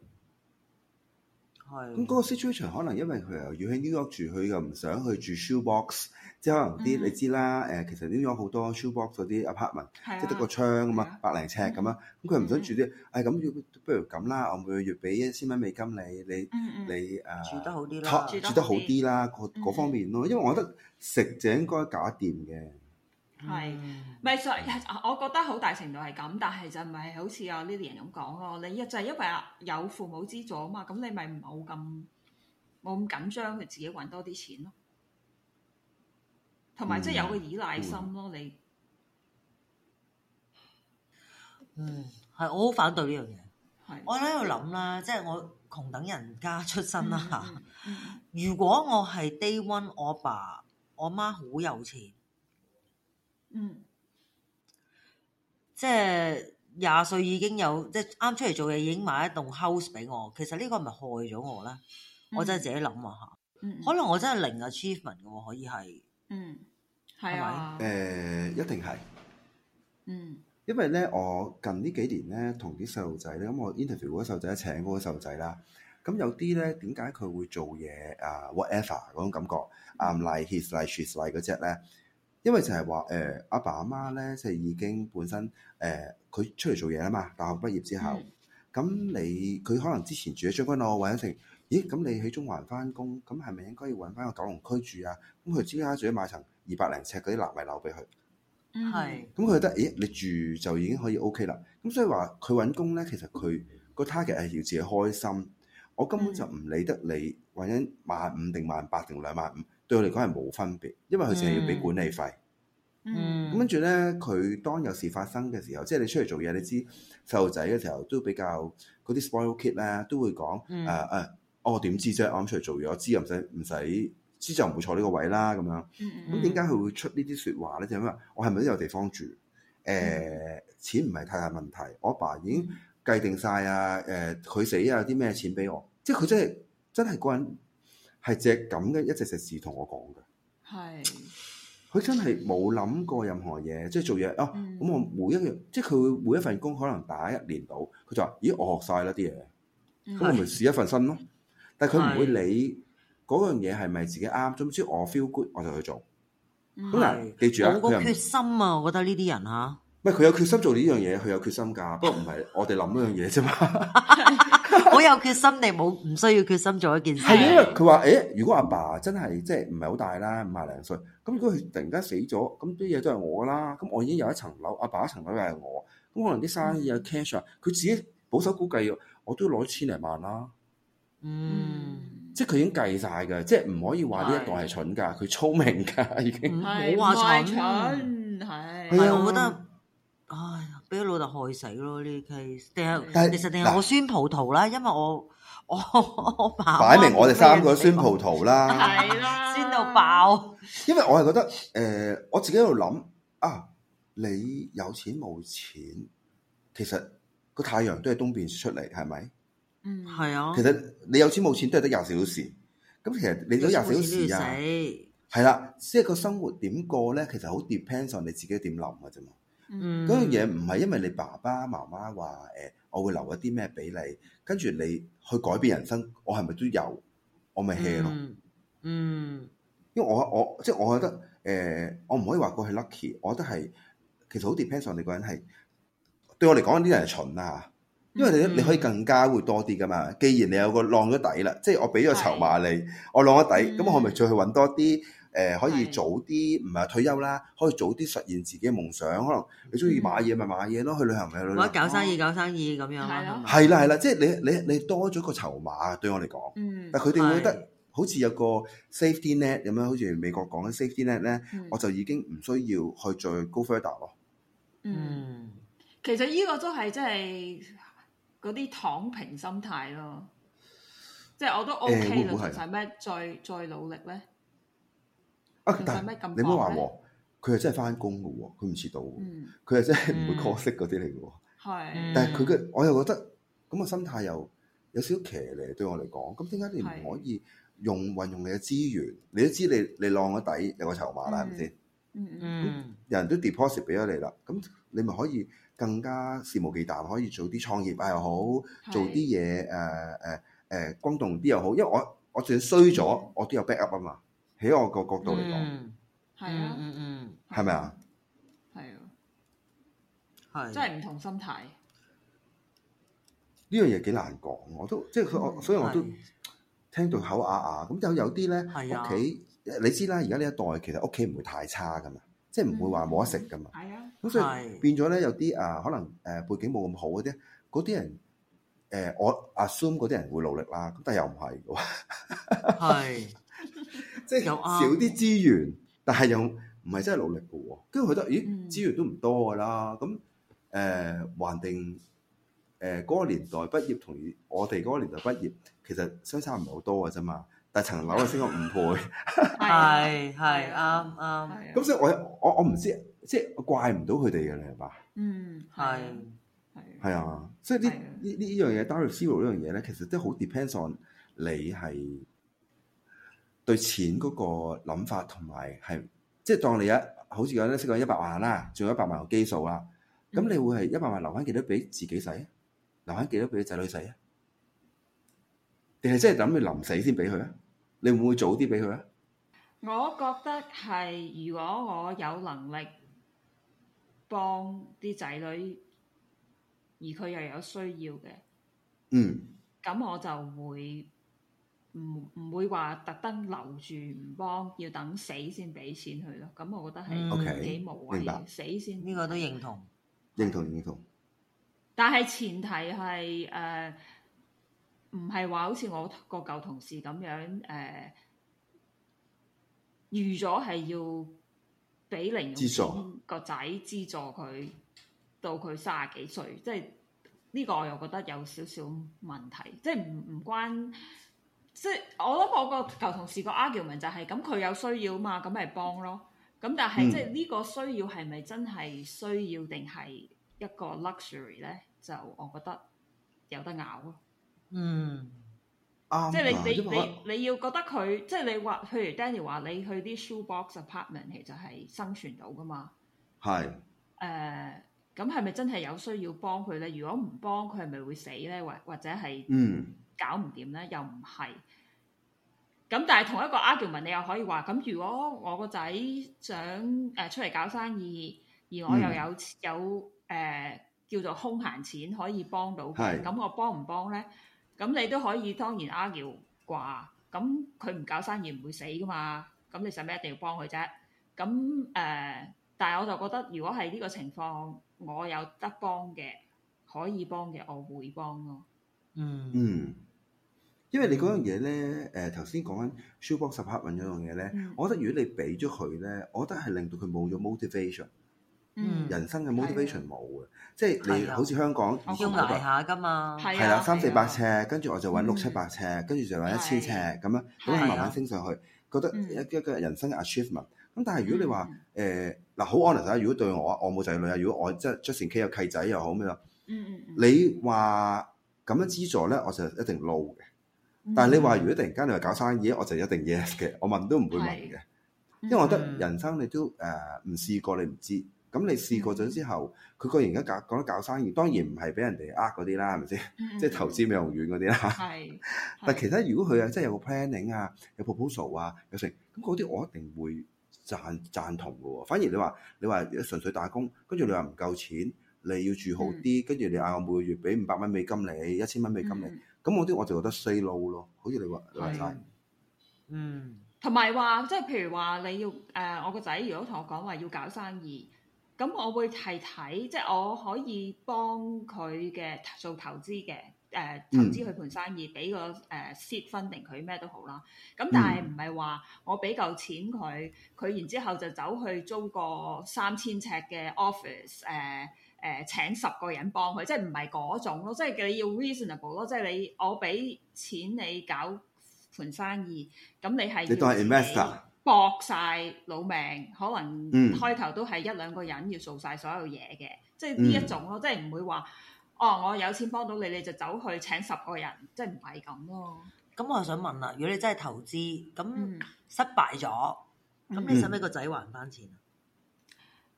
咁嗰個 situation 可能因為佢又要喺 New York 住，佢又唔想去住 shoebox，即係可能啲、嗯、你知啦。誒、呃，其實 New York 好多 shoebox 嗰啲 apartment、嗯、即係得個窗啊嘛，百零尺咁啊，咁佢、嗯、又唔想住啲。誒、嗯，咁要、哎、不如咁啦，我每個月俾一千蚊美金你，你、嗯嗯、你誒、啊，住得好啲啦，住得好啲啦，嗰、嗯、方面咯。因為我覺得食就應該搞掂嘅。係，咪就係？我覺得好大程度係咁，但係就唔係好似 Lilian 咁講咯。你就係因為有父母資助啊嘛，咁你咪唔好咁冇咁緊張去自己揾多啲錢咯。同埋即係有，有個依賴心咯，嗯、你。嗯，係我好反對呢樣嘢。的我喺度諗啦，即係我窮等人家出身啦、嗯、 如果我係 day one，我爸我媽好有錢。嗯，即係廿歲已經有，即係啱出嚟做嘢已經買一棟 house 俾我。其實個是是呢個係咪害咗我咧？嗯、我真係自己諗啊吓。嗯、可能我真係零啊 achievement 嘅可以係，嗯，係咪？誒，一定係，嗯，因為咧我近呢幾年咧同啲細路仔咧，咁我 interview 嗰啲細路仔，請嗰啲細路仔啦，咁有啲咧，點解佢會做嘢啊、uh？Whatever 嗰種感覺，I'm like he's like she's like 嗰隻咧。因為就係話誒阿爸阿媽咧，就係已經本身誒佢出嚟做嘢啦嘛，大學畢業之後，咁你佢可能之前住喺將軍澳，或者成，咦咁你喺中環翻工，咁係咪應該要搵翻個九龍區住啊？咁佢知家住咗買層二百零尺嗰啲納米樓俾佢，係的，咁佢覺得，咦你住就已經可以 O K 啦。咁所以話佢搵工咧，其實佢個 target 係要自己開心，我根本就唔理得你揾翻萬五定萬八定兩萬五。對佢嚟講係冇分別，因為佢淨係要俾管理費、嗯。嗯，咁跟住咧，佢當有事發生嘅時候，即係你出嚟做嘢，你知細路仔嘅時候都比較嗰啲 spoiled kid 咧，都會講誒誒，我點知啫？我咁出嚟做嘢，我知又唔使唔使，知就唔會坐呢個位啦。咁樣，咁點解佢會出呢啲說話咧？就咁、是、啊，我係咪都有地方住？誒、呃，嗯、錢唔係太大問題，我阿爸，爸已經計定晒啊。誒、呃，佢死有啲咩錢俾我？即係佢真係真係個人。係隻咁嘅一隻石屎同我講嘅，係佢真係冇諗過任何嘢，即係做嘢啊！咁我每一樣，即係佢會每一份工可能打一年到，佢就話：咦，我學晒啦啲嘢，咁我咪試一份新咯。但係佢唔會理嗰樣嘢係咪自己啱，總之我 feel good，我就去做。咁嗱，記住啊，我個決心啊，我覺得呢啲人吓，唔係佢有決心做呢樣嘢，佢有決心噶，不過唔係我哋諗嗰樣嘢啫嘛。好有決心定冇唔需要決心做一件事？係啊，佢話誒，如果阿爸真係即係唔係好大啦，五廿零歲，咁如果佢突然間死咗，咁啲嘢都係我啦，咁我已經有一層樓，阿爸一層樓又係我，咁可能啲生意啊 cash，佢自己保守估計，我都要攞千零萬啦。嗯，嗯即係佢已經計晒嘅，即係唔可以話呢一代係蠢噶，佢聰明噶已經，唔係，冇話蠢，係，係啊，我覺得，哎呀俾老豆害死咯！呢期定係其實定係我酸葡萄啦，因為我我我爆，擺明我哋三個酸葡萄啦，酸到爆。因為我係覺得誒，我自己喺度諗啊，你有錢冇錢，其實個太陽都係東邊出嚟，係咪？嗯，係啊。其實你有錢冇錢都係得廿小時，咁其實你都廿小時啊，係啦。即係個生活點過咧？其實好 depends on 你自己點諗嘅啫嘛。嗰、嗯、樣嘢唔係因為你爸爸媽媽話誒，我會留一啲咩俾你，跟住你去改變人生，我係咪都有？我咪 hea 咯。嗯，因為我我即係我覺得誒、欸，我唔可以話佢係 lucky，我覺得係其實好 depends on 你個人係。對我嚟講，啲人係蠢啊，因為你、嗯、你可以更加會多啲噶嘛。既然你有個浪咗底啦，即係我俾咗籌碼你，的我浪咗底，咁、嗯、我係咪再去揾多啲？誒，可以早啲唔係退休啦，可以早啲實現自己嘅夢想。可能你中意買嘢咪買嘢咯，去旅行咪去旅行咯。我搞生意，搞生意咁樣咯。係啦，係啦，即係你你你多咗個籌碼對我嚟講。嗯。但佢哋會覺得好似有個 safety net 咁樣，好似美國講緊 safety net 咧，我就已經唔需要去再 go further 咯。嗯，其實呢個都係即係嗰啲躺平心態咯。即係我都 OK 啦，使咩再再努力咧？但係你唔好話喎，佢又真係翻工嘅喎，佢唔遲到嘅，佢又、嗯、真係唔會 cos 嗰啲嚟嘅喎。嗯、但係佢嘅我又覺得咁嘅、嗰個、心態又有少少騎呢，對我嚟講，咁點解你唔可以用運用你嘅資源？係你都知你你浪個底有個籌碼啦，係咪先？係係嗯人都 deposit 俾咗你啦，咁你咪可以更加肆無忌憚，可以做啲創業又、哎、好，做啲嘢誒誒誒轟動啲又好。因為我我，我算衰咗，我都有 backup 啊嘛。喺我個角度嚟講，係、嗯、啊，係咪啊？係啊，係真係唔同心態。呢樣嘢幾難講，我都即係佢我，即係嗯、所以我都聽到口啞啞咁。就有啲咧屋企，啊、你知啦，而家呢一代其實屋企唔會太差噶嘛，即係唔會話冇得食噶嘛。係、 嗯、啊，咁所以變咗咧，有啲啊可能誒背景冇咁好嗰啲，嗰啲人誒我 assume 嗰啲人會努力啦，但係又唔係㗎喎。係、 啊。即係少啲資源，但係又唔係真係努力嘅喎。跟住佢覺得，咦資源都唔多噶啦。咁誒環境誒嗰個年代畢業，同我哋嗰個年代畢業，其實相差唔係好多嘅啫嘛。但係層樓啊，升咗五倍，係係啱啱。咁所以我我我唔知，即係怪唔到佢哋嘅咧，係嘛？嗯，係係啊。所以呢呢呢樣嘢，die with zero 呢樣嘢咧，其實都好 depends on 你係。對錢嗰個諗法同埋係，即係當你一好似講咧，識講一百萬啦，仲有一百萬個基數啦，咁你會係一百萬留翻幾多俾自己使？留翻幾多俾仔女使啊？定係真係諗住臨死先俾佢啊？你會唔會早啲俾佢啊？我覺得係，如果我有能力幫啲仔女，而佢又有需要嘅，嗯，咁我就會。唔唔會話特登留住唔幫，要等死先俾錢佢咯。咁我覺得係、嗯、幾無謂，明白。死先呢個都認同認同認同。但係前提係誒，唔係話好似我個舊同事咁樣誒、呃、預咗係要俾零用錢個仔資助佢到佢卅幾歲，即係呢、呢個我又覺得有少少問題，即係唔唔關。即係我諗我個舊同事個 argument 就係、是、咁，佢有需要嘛，咁咪幫咯。咁但係、嗯、即係呢個需要係咪真係需要定係一個 luxury 咧？就我覺得有得拗咯。嗯，即係你、啊、你你你，你要覺得佢即係你話，譬如 Denny 話你去啲 shoebox apartment 其實係生存到噶嘛？係是。誒、呃，咁係咪真係有需要幫佢咧？如果唔幫佢，係咪會死咧？或或者係？嗯。搞唔掂咧，又唔係咁，但係同一個 argument，你又可以話咁。如果我個仔想誒出嚟搞生意，而我又有有誒叫做空閒錢可以幫到佢，咁我幫唔幫咧？咁你都可以當然 argue 啩咁，佢唔搞生意唔會死㗎嘛。咁你使咩一定要幫佢啫？咁誒，但係我就覺得，如果係呢個情況，我有得幫嘅，可以幫嘅，我會幫咯。嗯嗯。因為你嗰樣嘢呢，誒頭先講緊 showbox 十 percent 嗰樣嘢呢，我覺得如果你俾咗佢呢，我覺得係令到佢冇咗 motivation，嗯，人生嘅 motivation 冇嘅，即係你好似香港我要捱下㗎嘛，係啦，三四百尺，跟住我就揾六七百尺，跟住就揾一千尺咁樣，咁樣慢慢升上去，覺得一一個人生嘅 achievement。咁但係如果你話誒嗱好 under 如果對我我冇仔女啊，如果我即係 Justin K 有契仔又好咩咯，你話咁樣資助呢，我就一定 no 嘅。但係你話如果突然間你話搞生意，我就一定嘢嘅、yes，我問都唔會問嘅，是因為我覺得人生你都誒唔、uh, 試過你唔知，咁你試過咗之後，佢、嗯、個人而家搞講得搞，搞生意，當然唔係俾人哋呃嗰啲啦，係咪先？即係 投資美容院嗰啲啦。係，但係其他如果佢啊真係有個 planning 啊，有 proposal 啊，有成，咁嗰啲我一定會贊贊同嘅喎、喔。反而你話你話純粹打工，跟住你話唔夠錢，你要住好啲，跟住、嗯、你嗌我每個月俾五百蚊美金你，一千蚊美金你。1, 咁我啲我就覺得細路咯，好似你話，男仔嗯，同埋話，即係譬如話你要誒、呃，我個仔如果同我講話要搞生意，咁我會係睇，即係我可以幫佢嘅做投資嘅，誒、呃、投資去盤生意，俾、嗯、個誒 seed funding 佢咩都好啦。咁但係唔係話我俾夠錢佢，佢、嗯、然之後就走去租個三千尺嘅 office 誒、呃。誒、呃、請十個人幫佢，即係唔係嗰種咯，即係你要 reasonable 咯，即係你我俾錢你搞盤生意，咁你係你當係 investor，搏晒老命，可能開頭都係一兩個人要做晒所有嘢嘅、嗯，即係呢一種咯，即係唔會話哦，我有錢幫到你，你就走去請十個人，即係唔係咁咯？咁我係想問啦，如果你真係投資，咁失敗咗，咁、嗯、你使唔使個仔還翻錢、嗯嗯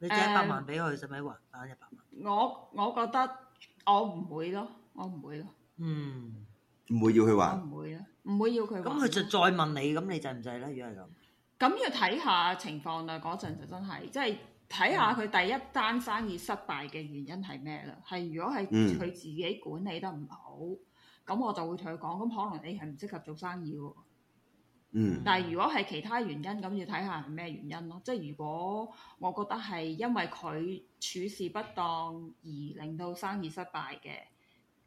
你借一百萬俾佢，使咪、呃、還翻一百萬？我我覺得我唔會咯，我唔會咯。嗯，唔會要佢還。唔會咯，唔會要佢還。咁佢就再問你，咁你制唔制咧？如果係咁，咁要睇下情況啦。嗰陣就真係，嗯、即係睇下佢第一單生意失敗嘅原因係咩啦？係如果係佢自己管理得唔好，咁、嗯、我就會同佢講，咁可能你係唔適合做生意噶。嗯，但係如果係其他原因，咁要睇下係咩原因咯。即係如果我覺得係因為佢處事不當而令到生意失敗嘅，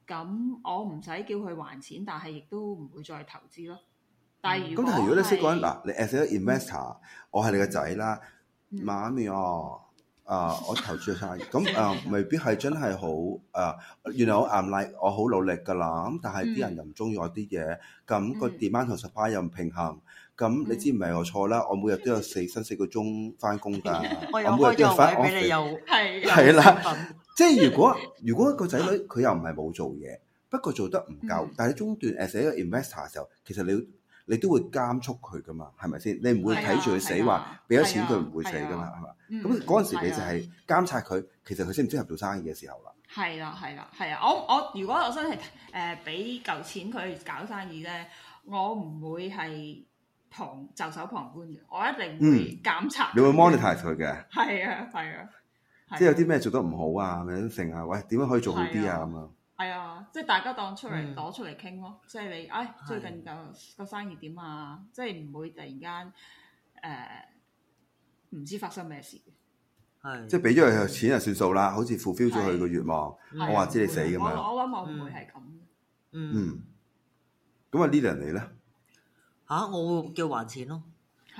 咁我唔使叫佢還錢，但係亦都唔會再投資咯。但係如果，你識講，嗱，你 as an investor，我係你個仔啦，媽咪哦。嗯嗯啊！我投注曬，咁啊未必係真係好啊！原來我 I'm like 我好努力噶啦，咁但係啲人又唔中意我啲嘢，咁個 demand 同 supply 又唔平衡，咁你知唔係我錯啦？我每日都有四三、四個鐘翻工㗎，我有個座位俾你又係係啦，即係如果如果個仔女佢又唔係冇做嘢，不過做得唔夠，但係你中段誒寫個 investor 時候，其實你。你都會監督佢噶嘛，係咪先？你唔會睇住佢死，話俾咗錢佢唔會死噶嘛，係嘛？咁嗰陣時你就係監察佢，其實佢適唔適合做生意嘅時候啦。係啦，係啦，係啊！我我如果我真係誒俾嚿錢佢搞生意咧，我唔會係旁袖手旁觀嘅，我一定會監察。你會 monitor 佢嘅？係啊，係啊，即係有啲咩做得唔好啊，唔穩定啊，喂，點樣可以做好啲啊？咁啊。係啊，即係大家當出嚟攞出嚟傾咯，嗯、即係你，哎最近就個的生意點啊？即係唔會突然間誒唔知發生咩事。係的即係俾咗佢錢就算數啦，好似 fulfill 咗佢個願望，的我話知你死咁樣。我諗我唔會係咁。嗯。咁、嗯嗯、啊，呢啲嚟咧？吓，我會叫還錢咯，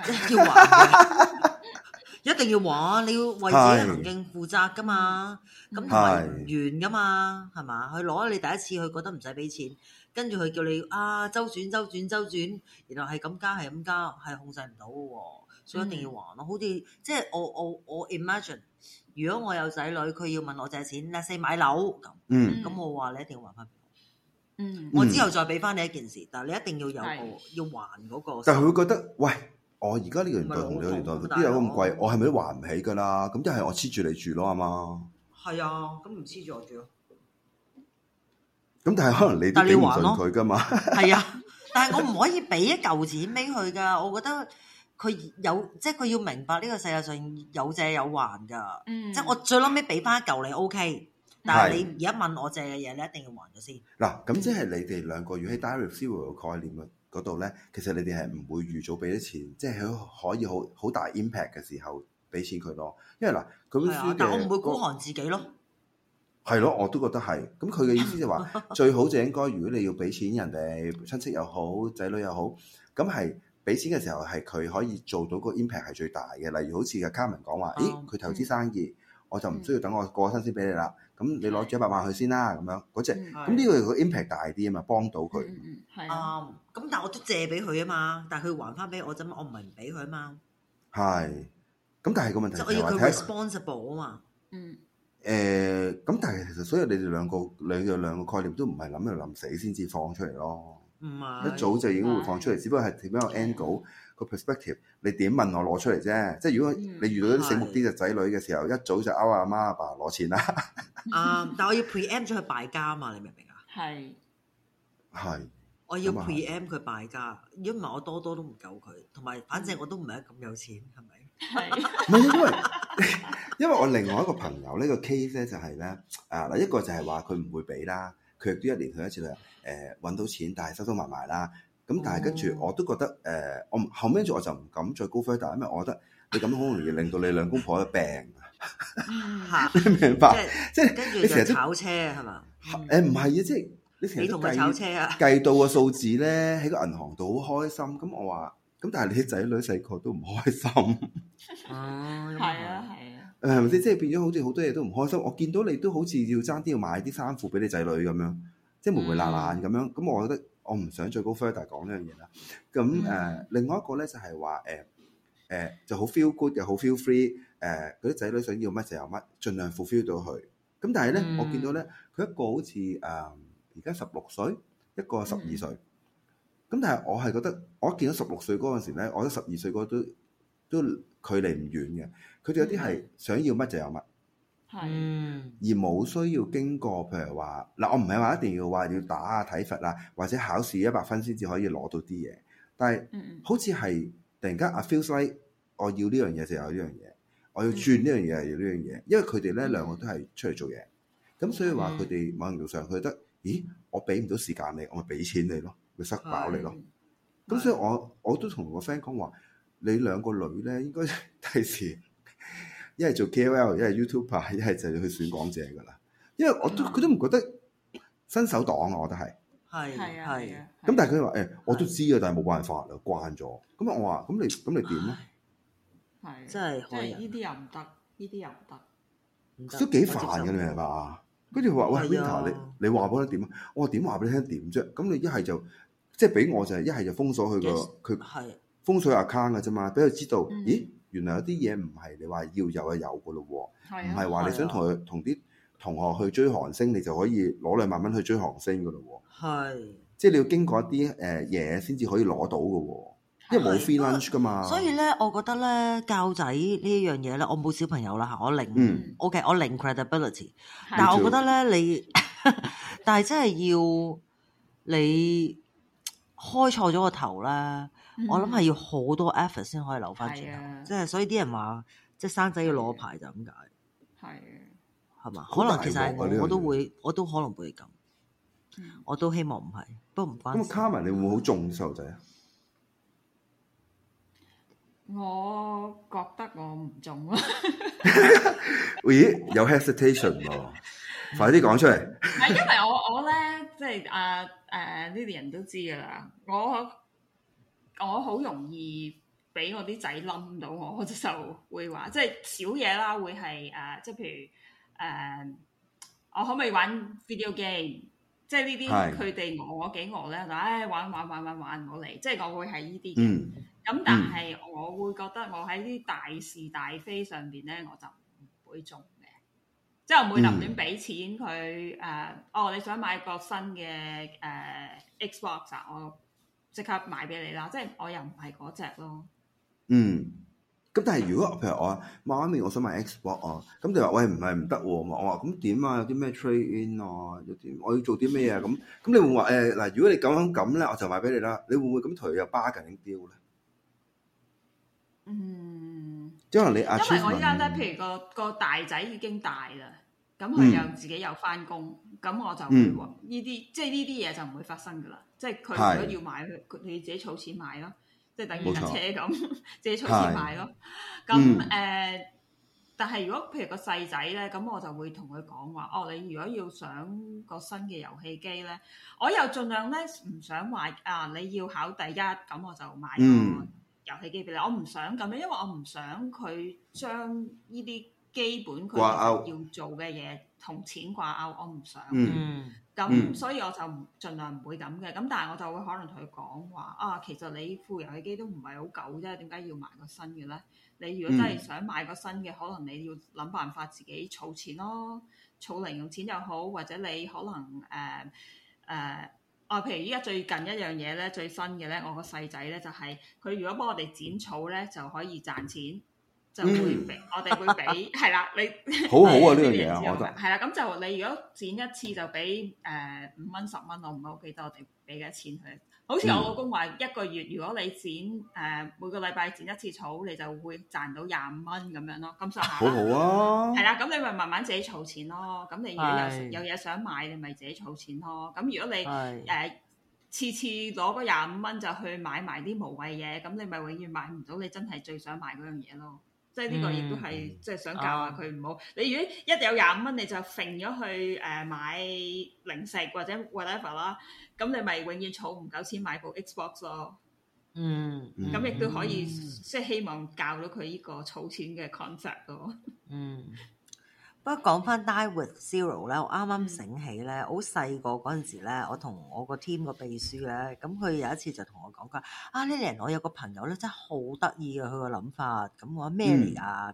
即係叫還。 一定要還，你要為自己嘅行徑負責噶嘛，咁同埋唔完噶嘛，係嘛？佢攞你第一次，佢覺得唔使俾錢，跟住佢叫你啊周轉周轉周轉，然後係咁加係咁加，係控制唔到喎，所以一定要還咯。好似即係我我我 imagine，如果我有仔女，佢要問我借錢，嗱四買樓咁，咁、嗯、我話你一定要還翻俾我，嗯，我之後再俾翻你一件事，但係你一定要有個的要還嗰個。嗯、但係佢會覺得喂。我而家呢個年代同你個年代啲有咁貴，我係咪都還唔起噶啦？咁即係我黐住你住咯，係嘛？係啊，咁唔黐住我住咯。咁但係可能你都頂唔順佢噶嘛？係 啊，但係我唔可以俾一嚿錢俾佢噶。我覺得佢有即係佢要明白呢個世界上有借有還噶。即係、嗯、我最撚尾俾翻一嚿你 OK，但係你而家問我借嘅嘢，你一定要還咗先。嗱是，咁、嗯、即係你哋兩個語喺 directive 嘅概念啦。嗰度咧，其實你哋係唔會預早俾咗錢，即係喺可以好好大 impact 嘅時候俾錢佢咯。因為嗱，佢的那但係我唔會孤寒自己咯，係咯，我都覺得係。咁佢嘅意思就話， 最好就應該，如果你要俾錢人哋親戚又好，仔女又好，咁係俾錢嘅時候係佢可以做到個 impact 係最大嘅。例如好似阿 Carmen 講話，咦，佢投資生意。嗯我就唔需要等我過身先俾你啦，咁你攞住一百萬去先啦，咁樣嗰隻，咁呢個如果 impact 大啲啊嘛，幫到佢。嗯嗯，係啊。咁但係我都借俾佢啊嘛，但係佢還翻俾我啫嘛，我唔係唔俾佢啊嘛。係，咁但係個問題即係我要佢 responsible 啊嘛。嗯。誒，咁但係其實所以你哋兩個兩有兩個概念都唔係諗到臨死先至放出嚟咯，唔係一早就已經會放出嚟，只不過係點樣 angle。個 perspective，你點問我攞出嚟啫？即係如果你遇到啲醒目啲嘅仔女嘅時候，的一早就勾阿媽阿爸攞錢啦。啊 ！Uh, 但我要 pre M 咗佢敗家啊嘛？你明唔明啊？係係，的。我要 pre M 佢敗家，如果唔係我多多都唔夠佢。同埋反正我都唔係咁有錢，係咪？係的。唔係 因為因為我另外一個朋友呢、呢個 case 咧就係、是、咧啊嗱，一個就係話佢唔會俾啦，佢亦都一年去一次，誒、呃、揾到錢，但係收收埋埋啦。咁但係跟住我都覺得誒，我後尾就我就唔敢再高飛，但因為我覺得你咁可能令到你兩公婆病啊，明唔明白？即係跟住成日炒車啊，係嘛？誒唔係啊，即係你同佢炒車啊，計到個數字咧喺個銀行度好開心，咁我話咁，但係你啲仔女細個都唔開心，哦，係啊，係啊，誒係咪先？即係變咗好似好多嘢都唔開心。我見到你都好似要爭啲要買啲衫褲俾你仔女咁樣，即係霉霉爛爛咁樣。咁我覺得。我唔想最高 further 講呢樣嘢啦。咁誒、呃，另外一個咧就係話誒誒就好 feel good 又好 feel free、呃。誒，嗰啲仔女想要乜就有乜，盡量 fulfill 到佢。咁但係咧，我見到咧佢一個好似誒而家十六歲，一個十二歲。咁但係我係覺得我見到十六歲嗰陣時咧，我覺得十二歲嗰都都距離唔遠嘅。佢哋有啲係想要乜就有乜。嗯，而冇需要經過，譬如話嗱，我唔係話一定要話要打下體罰啊，或者考試一百分先至可以攞到啲嘢。但係，嗯、好似係突然間，I feel like 我要呢樣嘢就有呢樣嘢，我要轉呢樣嘢又有呢樣嘢，因為佢哋咧兩個都係出嚟做嘢，咁所以話佢哋某程度上佢覺得，咦、欸，我俾唔到時間你，我咪俾錢給你咯，會塞飽你咯。咁所以我，我我都同個 friend 講話，你兩個女咧應該第時。一係做 KOL，一係 YouTuber 啊，一係就去選港姐噶啦。因為我都佢、嗯、都唔覺得新手黨、啊，我都係，係係啊。咁、啊啊啊、但係佢話誒，我都知啊，但係冇辦法啦，慣咗。咁我話，咁你咁你點咧？係真係，真係呢啲又唔得，呢啲又唔得，都幾煩嘅行你明嘛？跟住佢話喂，Vinta 你你話俾我點啊？Inta，我話點話俾你聽點啫？咁你一係就即係俾我就係一係就封鎖佢個佢封鎖 account 嘅啫嘛，俾佢知道、嗯、咦？原來有啲嘢唔係你話要有就有噶咯喎，唔係話你想同佢同啲同學去追韓星，你就可以攞兩萬蚊去追韓星噶咯喎。係的，即係你要經過一啲誒嘢先至可以攞到噶喎，因為冇 free lunch 噶嘛。所以咧，我覺得咧教仔呢一樣嘢咧，我冇小朋友啦嚇，我零、嗯、OK，我零 credibility，的但係我覺得咧你， 但係真係要你開錯咗個頭啦。我諗係要好多 effort 先可以扭翻轉頭，即係所以啲人話即係生仔要攞牌就咁解，係係嘛？可能其實我都會，我都可能會咁，嗯、我都希望唔係，不過唔關。咁 Carmen 你會唔會好重細路仔啊？我覺得我唔重咯。咦、 哎？有 hesitation 喎？ 快啲講出嚟。係 因為我我咧即係阿誒 Lilian 都知噶啦，我。我好容易俾我啲仔冧到我，我就會話即係小嘢啦，會係誒、呃、即係譬如誒、呃，我可唔可以玩 video game？即係呢啲佢哋我幾我咧就誒玩玩玩玩玩我嚟，即係我會係呢啲嘅。咁、嗯嗯嗯、但係我會覺得我喺啲大是大非上邊咧，我就唔會中嘅，即係我唔會臨亂俾錢佢誒、嗯呃。哦，你想買個新嘅誒 Xbox 啊？呃、我即刻買俾你啦！即係我又唔係嗰隻咯。嗯，咁但係如果譬如我媽咪我想買 Xbox 哦、啊，咁你話喂唔係唔得喎？我話咁點啊？有啲咩 training 啊？有啲我要做啲咩啊？咁咁你會話誒嗱？如果你咁樣咁咧，我就買俾你啦。你會唔會咁同佢又巴緊丟咧？嗯，可能你因為我依家咧，譬如個個大仔已經大啦，咁佢又自己又翻工，咁、嗯、我就會呢啲、嗯、即係呢啲嘢就唔會發生噶啦。即係佢如果要買，佢佢的自己儲錢買咯，即係等於架車咁，錯 自己儲錢買咯。咁誒，但係如果譬如個細仔咧，咁我就會同佢講話：哦，你如果要想個新嘅遊戲機咧，我又盡量咧唔想話啊你要考第一，咁我就買個遊戲機俾你。嗯、我唔想咁樣，因為我唔想佢將呢啲基本佢要做嘅嘢同錢掛鈎，我唔想。嗯咁所以我就唔盡量唔會咁嘅。咁但係我就會可能同佢講話啊，其實你副遊戲機都唔係好舊啫，點解要買個新嘅咧？你如果真係想買個新嘅，可能你要諗辦法自己儲錢咯，儲零用錢又好，或者你可能誒誒、呃呃、啊，譬如依家最近一樣嘢咧，最新嘅咧，我個細仔咧就係、是、佢如果幫我哋剪草咧，就可以賺錢。 就會俾 我哋會俾係啦，你好好啊呢樣嘢啊，係啦。咁 就你如果剪一次就俾誒五蚊十蚊，我唔係好記得我哋俾幾多錢佢。好似我老公話一個月如果你剪誒、呃、每個禮拜剪一次草，你就會賺到廿五蚊咁樣咯。咁上下好好啊。係啦，咁你咪慢慢自己儲錢咯。咁你如果有的有嘢想買，你咪自己儲錢咯。咁如果你誒的次次攞嗰廿五蚊就去買埋啲無謂嘢，咁你咪永遠買唔到你真係最想買嗰樣嘢咯。即係呢個亦都係，嗯、即係想教下佢唔好。啊、你如果一有廿五蚊，你就揈咗去誒、呃、買零食或者 whatever 啦，咁你咪永遠儲唔夠錢買部 Xbox 咯。嗯，咁亦都可以，嗯、即係希望教到佢呢個儲錢嘅 concept 咯。嗯。不過講翻 die with zero 咧，我啱啱醒起咧，好細個嗰陣時咧，我同我個 team 個秘書咧，咁佢有一次就同我講佢啊，Lily，我有個朋友咧，真係好得意嘅佢個諗法。咁我話咩嚟㗎？咁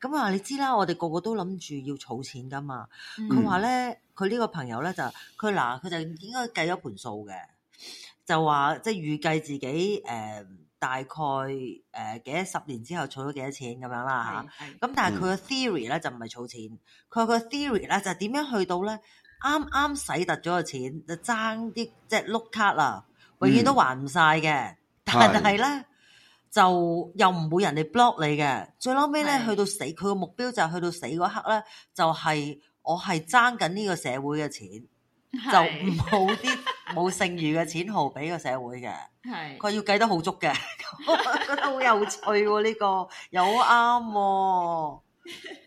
咁我話你知啦，我哋個個都諗住要儲錢噶嘛。佢話咧，佢呢個朋友咧就佢嗱佢就應該計咗盤數嘅，就話即係預計自己誒。呃大概誒、呃、幾多十年之後儲咗幾多錢咁樣啦嚇，咁、嗯、但係佢嘅 theory 咧就唔係儲錢，佢話佢嘅 theory 咧就點、是、樣去到咧啱啱使突咗嘅錢，就爭啲即係碌卡啦永遠都還唔晒嘅。嗯、但係咧是就又唔會人哋 block 你嘅。最撈尾咧去到死，佢個目標就係去到死嗰刻咧，就係、是、我係爭緊呢個社會嘅錢。就冇啲冇剩餘嘅錢賠俾個社會嘅，佢要計得好足嘅，覺得好有趣喎，呢個有啱，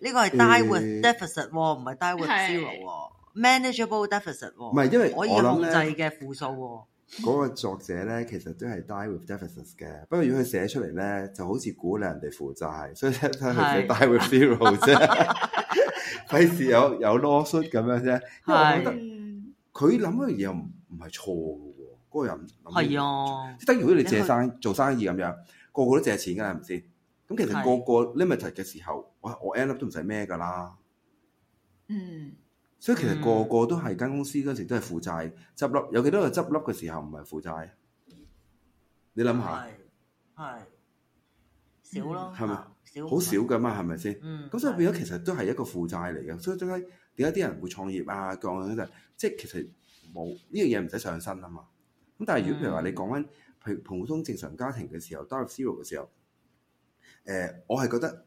呢個係 Die With deficit 唔係 Die With zero，manageable deficit 唔係，因為可以控制嘅負數。嗰個作者咧其實都係 Die With deficit 嘅，不過如果佢寫出嚟咧就好似鼓勵人哋負債，所以佢寫 Die With zero 啫，費事有有羅嗦咁樣啫。佢諗嗰樣嘢又唔唔係錯嘅喎，嗰、嗰個人諗，即係等於如果你借生做生意咁樣，個個都借錢嘅，係咪先，咁其實個個 limit 嘅時候，我是我 end up 都唔使咩嘅啦。嗯，所以其實個個都係間、嗯、公司嗰陣時都係負債執笠，有幾多個執笠嘅時候唔係負債？你諗下，係少咯，係咪？少好吧少嘅嘛，係咪先？咁所以變咗其實都係一個負債嚟嘅，所以真、就、係、是。點解啲人會創業啊？講緊就即係其實冇呢樣嘢唔使上身啊嘛。咁但係如果譬如話你講翻，譬普通正常家庭嘅時候 die with zero 嘅時候，誒、呃、我係覺得誒、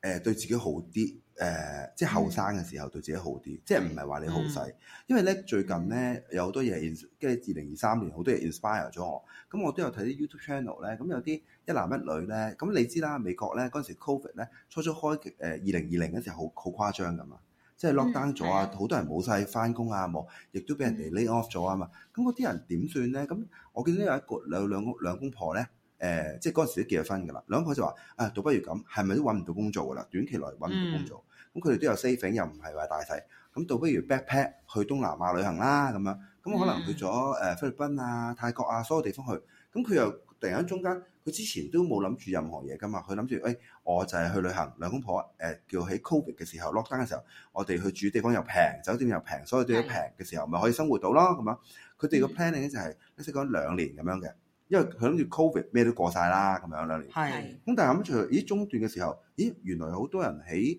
呃、對自己好啲，誒、呃、即係後生嘅時候對自己好啲，mm hmm. 即係唔係話你好細。因為咧最近咧有好多嘢，跟住二零二三年好多嘢 inspire 咗我。咁我都有睇啲 YouTube channel 咧。咁有啲一男一女咧。咁你知啦，美國咧嗰陣時 covid 咧初初開，誒二零二零嗰陣好好誇張噶嘛。即係 lock down 咗啊！好、mm hmm. 多人冇晒返工啊，冇、mm，亦、hmm. 都俾人哋 lay off 咗啊嘛。咁嗰啲人點算咧？咁我見到有一個兩兩公兩公婆咧，誒、呃，即係嗰陣時都結咗婚噶啦。兩公婆就話啊，倒不如咁，係咪都搵唔到工作噶啦？短期內搵唔到工作，咁佢哋都有 saving，又唔係話大細，咁倒不如 backpack 去東南亞旅行啦咁樣。咁可能去咗誒、呃、菲律賓啊、泰國啊所有地方去，咁佢又突然間中間。佢之前都冇諗住任何嘢噶嘛，佢諗住誒，我就係去旅行，兩公婆誒叫喺 covid 嘅時候，lockdown 嘅時候，我哋去住地方又平，酒店又平，所以對啲平嘅時候咪是的 可以生活到咯咁樣。佢哋嘅是的 planning 就係、是，你識講兩年咁樣嘅，因為佢諗住 covid 咩都過晒啦咁樣兩年。係是的。咁但係咁就咦中段嘅時候，咦原來好多人喺誒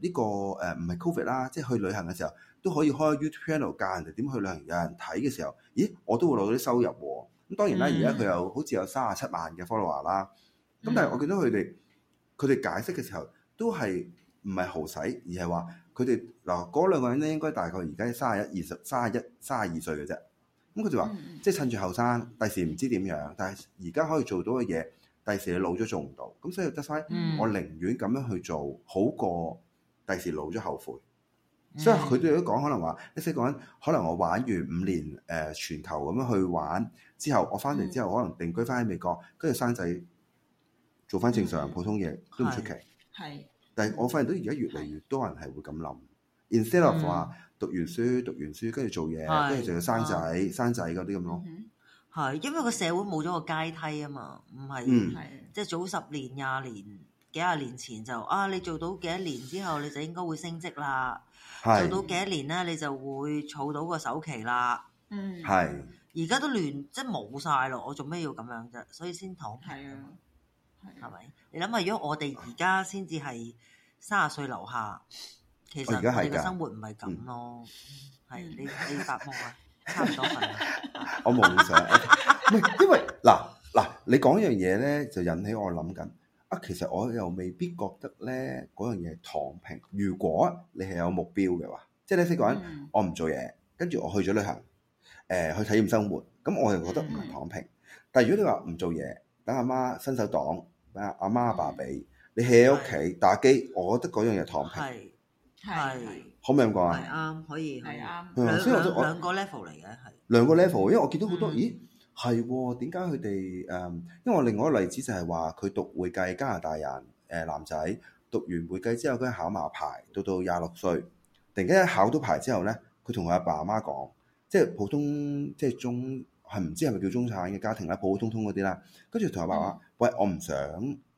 呢個誒唔、呃、係 covid 啦，即係去旅行嘅時候都可以開 YouTube Channel 教人哋點去旅行，有人睇嘅時候，咦，咦我都會攞到啲收入喎。嗯嗯咁當然啦，而家佢有好似有三十七萬嘅 follower 啦。咁但係我見到佢哋佢哋解釋嘅時候都係唔係豪使，而係話佢哋嗱嗰兩個人咧應該大概 31, 20, 31, 而家三廿一二十三廿一三十二歲嘅啫。咁佢就話即係趁住後生，第時唔知點樣，但係而家可以做到嘅嘢，第時你老咗做唔到。咁所以得 e 我寧願咁樣去做好過第時老咗後悔。所以佢哋都講，so, 可能話，let's say，可能我玩完五年，誒、uh, 全球咁樣去玩之後，hmm. 我翻嚟之後，可能定居翻喺美國，跟住生仔，做翻正常、mm. 普通嘢都唔出奇。係。但係我發現到而家越嚟越多人係會咁諗，instead of 話、嗯、讀完書、讀完書，跟住做嘢，跟住仲要生仔、生仔嗰啲咁咯。係、mm.，因為個社會冇咗個階梯啊嘛，唔係、mm.，即係早十年廿年。幾廿年前就啊，你做到幾多年之後，你就應該會升職啦。做到幾多年咧，你就會儲到個首期啦。嗯，係而家都亂，即係冇晒咯。我做咩要咁樣啫？所以先躺平。係啊，係咪？你諗下，如果我哋而家先至係卅歲樓下，其實你嘅生活唔係咁咯。係你你發夢啊？差唔多瞓。我冇晒。因為嗱嗱，你講樣嘢咧，就引起我諗緊。啊，其實我又未必覺得咧嗰樣嘢係躺平。如果你係有目標嘅話，即係呢四個人，我唔做嘢，跟住我去咗旅行，誒、呃、去體驗生活，咁我又覺得唔係躺平。嗯、但係如果你話唔做嘢，等阿媽，媽伸手擋，俾阿阿媽阿爸俾，嗯、你喺屋企打機，的我覺得嗰樣嘢躺平。係係可唔可以咁講啊？啱，可以係啱的。兩個 level 嚟嘅係兩個 level，因為我見到好多咦～係點解佢哋誒，因為另外一個例子就係話佢讀會計，加拿大人誒、呃、男仔讀完會計之後，佢考埋牌到到廿六歲，突然間考到牌之後呢，佢同佢阿爸阿媽講，即係普通即係中係唔知係咪叫中產嘅家庭啦，普普通通嗰啲啦。跟住同佢爸媽，嗯、喂，我唔想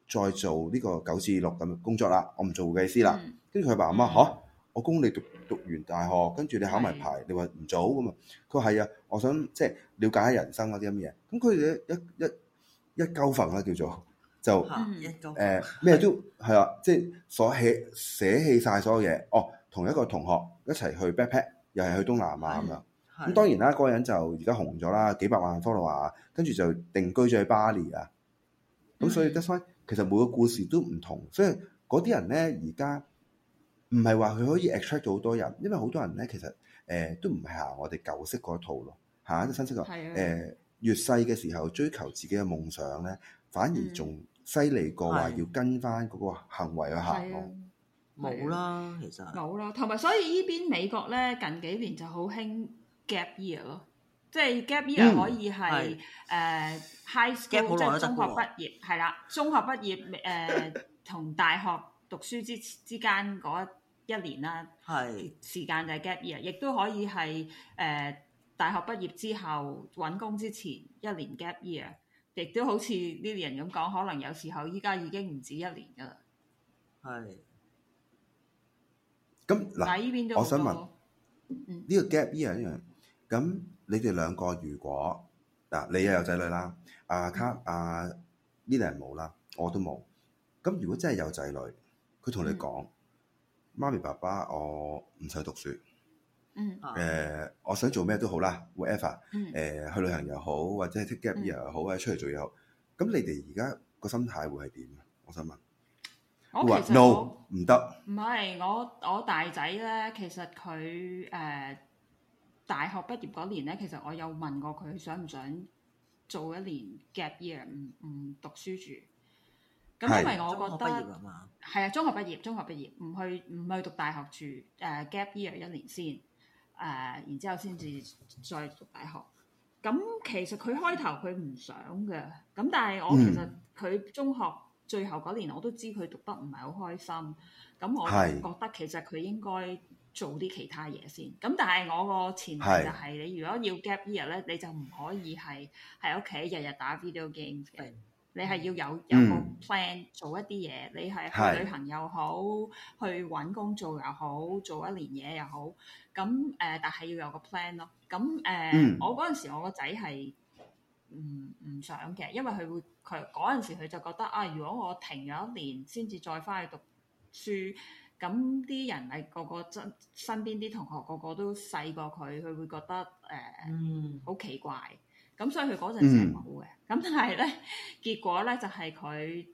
再做呢個九至六咁嘅工作啦，我唔做會計師啦。跟住佢爸媽嚇。我供你讀讀完大學，跟住你考埋牌，是的 你話唔早咁嘛？佢話係啊，我想即係、就是、了解下人生嗰啲咁嘅嘢。咁佢哋一一一一鳩墳啦，叫做就誒咩、呃、都係啊，即係所棄捨棄晒所有嘢哦。同一個同學一齊去 backpack，又係去東南亞咁是的 樣咁。當然啦，嗰個人就而家紅咗啦，幾百萬 followers 跟住就定居咗喺巴黎啊。咁、嗯嗯、所以得 e 其實每個故事都唔同，所以嗰啲人咧而家。 唔係話佢可以 attract 到好多人，因為好多人咧其實誒、呃、都唔係行我哋舊式嗰套咯吓，行一個新式個誒越細嘅時候追求自己嘅夢想咧，反而仲犀利過話要跟翻嗰個行為去行冇啦，其實冇啦，同埋所以依邊美國咧近幾年就好興 gap year 咯、嗯，即係 gap year 可以係誒的、uh, high school 即係中學畢業係啦、啊，中學畢業誒同、uh, 大學。讀書之之間嗰一年啦，時間就係 gap year，亦都可以係誒大學畢業之後揾工之前一年 gap year，亦都好似 Lilian 咁講，可能有時候依家已經唔止一年㗎啦。係咁嗱，呢邊我想問呢、嗯、個 gap year 一樣咁，你哋兩個如果嗱、嗯、你又有仔女啦，阿、啊、卡阿 Lilian 冇啦，我都冇咁。如果真係有仔女。佢同你講：嗯、媽咪爸爸，我唔使讀書。嗯，誒、呃，我想做咩都好啦，whatever。誒、嗯呃，去旅行又好，或者係 take gap year 又好，或者出嚟做嘢又好。咁你哋而家個心態會係點？我想問。我 no 唔得。唔係，我我大仔咧，其實佢誒、呃、大學畢業嗰年咧，其實我有問過佢想唔想做一年 gap year，唔唔讀書住。咁因為我覺得畢業啊嘛、係啊，中學畢業，中學畢業唔去唔去讀大學住，誒、uh, gap year 一年先，誒、uh, 然之後先至再讀大學。咁其實佢開頭佢唔想嘅，咁但係我其實佢中學最後嗰年、嗯、我都知佢讀得唔係好開心，咁是我就覺得其實佢應該做啲其他嘢先。咁但係我個前提就係、是、是你如果要 gap year 咧，你就唔可以係喺屋企日日打 video game 嘅。你係要有有個 plan、嗯、做一啲嘢，你係去旅行又好，是去揾工做又好，做一年嘢又好。咁誒、呃，但係要有個 plan 咯。咁誒，呃嗯、我嗰陣時我個仔係唔唔想嘅，因為佢佢嗰陣時佢就覺得啊，如果我停咗一年先至再翻去讀書，咁啲人係個個真身邊啲同學個個都細過佢，佢會覺得誒，好、呃嗯、奇怪。咁所以佢嗰陣時係冇嘅，咁、嗯、但係咧，結果咧就係、是、佢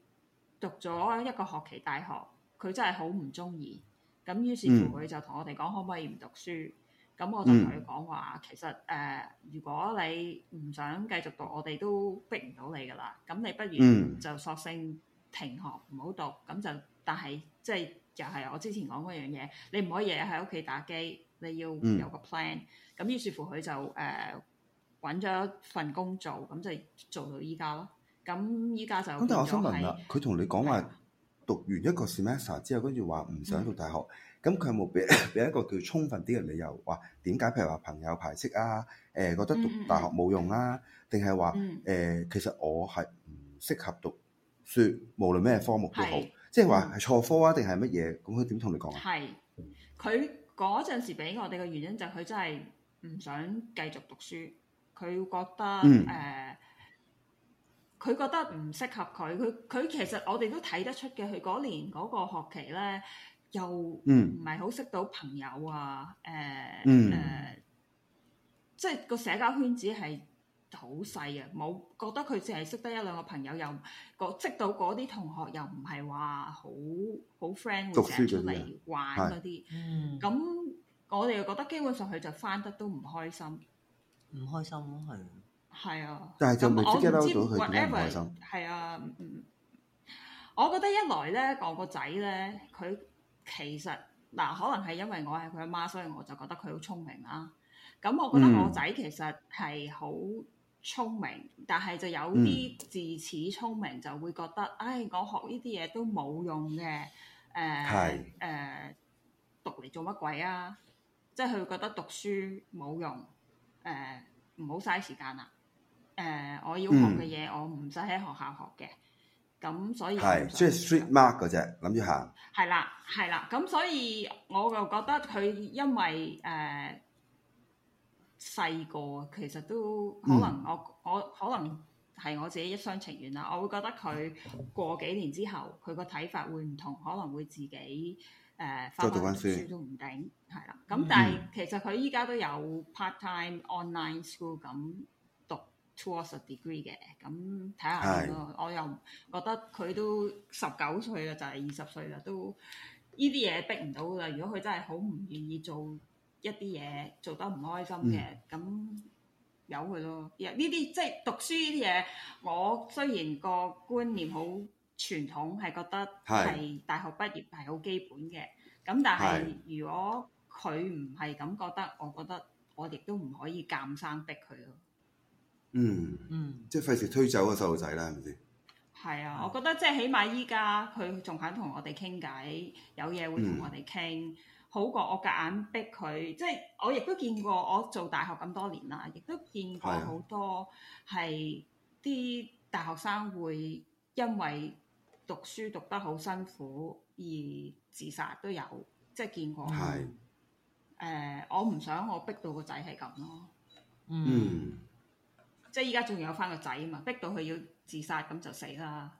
讀咗一個學期大學，佢真係好唔中意。咁於是乎佢就同我哋講，可唔可以唔讀書？咁我就同佢講話，嗯、其實誒、呃，如果你唔想繼續讀，我哋都逼唔到你噶啦。咁你不如就索性停學唔好讀。咁就，但係即係又係我之前講嗰樣嘢，你唔可以日日喺屋企打機，你要有個 plan、嗯。咁於是乎佢就誒。呃搵咗一份工做，咁就做到依家咯。咁依家就咁。但係我想問啦，佢同、啊、你講話讀完一個 semester 之後，跟住話唔想讀大學。咁佢有冇俾俾一個叫充分啲嘅理由話點解？譬如話朋友排斥啊，誒覺得讀大學冇用啦，定係話誒其實我係唔適合讀書，無論咩科目都好，的即係話係錯科啊，定係乜嘢？咁佢點同你講啊？係佢嗰陣時俾我哋嘅原因就係佢真係唔想繼續讀書。佢覺得誒，佢覺得唔適合佢，佢佢其實我哋都睇得出嘅。佢嗰年嗰個學期咧，又唔係好識到朋友啊，誒誒，即係個社交圈子係好細嘅，冇覺得佢淨係識得一兩個朋友，又嗰識到嗰啲同學又唔係話好好 friend 會成日出嚟玩嗰啲。嗯，咁我哋就覺得基本上佢就返得都唔開心。唔開心囉，係啊，的但係就唔直接嬲到佢點樣唔開心。係啊、嗯，我覺得一來咧，我個仔咧，佢其實嗱、呃，可能係因為我係佢阿媽，所以我就覺得佢好聰明啦、啊。咁我覺得我仔其實係好聰明，mm. 但係就有啲自恃聰明，mm. 就會覺得，唉、哎，我學呢啲嘢都冇用嘅，誒、呃、誒的、呃，讀嚟做乜鬼啊？即係佢覺得讀書冇用。誒唔好嘥時間啦！誒、uh, 我要學嘅嘢，嗯、我唔使喺學校學嘅。咁所以係，即係 sweet mark 嗰隻諗住行。係啦，係啦，咁所以我就覺得佢因為誒細個其實都可能我、嗯、我可能係我自己一廂情願啦。我會覺得佢過幾年之後佢個睇法會唔同，可能會自己。誒翻學書都唔頂，係啦。咁但係其實佢依家都有 part time online school 咁讀 towards a degree 嘅。咁睇下咯，的我又覺得佢都十九歲啦，就係二十歲啦，都呢啲嘢逼唔到㗎。如果佢真係好唔願意做一啲嘢，做得唔開心嘅，咁由佢咯。呢啲即係讀書呢啲嘢，我雖然個觀念好，嗯傳統係覺得係大學畢業係好基本嘅，咁的但係如果佢唔係咁覺得，我覺得我亦都唔可以夾生逼佢咯。嗯嗯，嗯即係費事推走個細路仔啦，係咪先？係啊，我覺得即係起碼依家佢仲肯同我哋傾偈，有嘢會同我哋傾，嗯、好過我夾硬逼佢。即係我亦都見過，我做大學咁多年啦，亦都見過好多係啲大學生會因為，讀書讀得好辛苦，而自殺都有，即係見過。係誒的、呃，我唔想我逼到個仔係咁咯。嗯，嗯即係依家仲有翻個仔嘛？逼到佢要自殺，咁就死啦。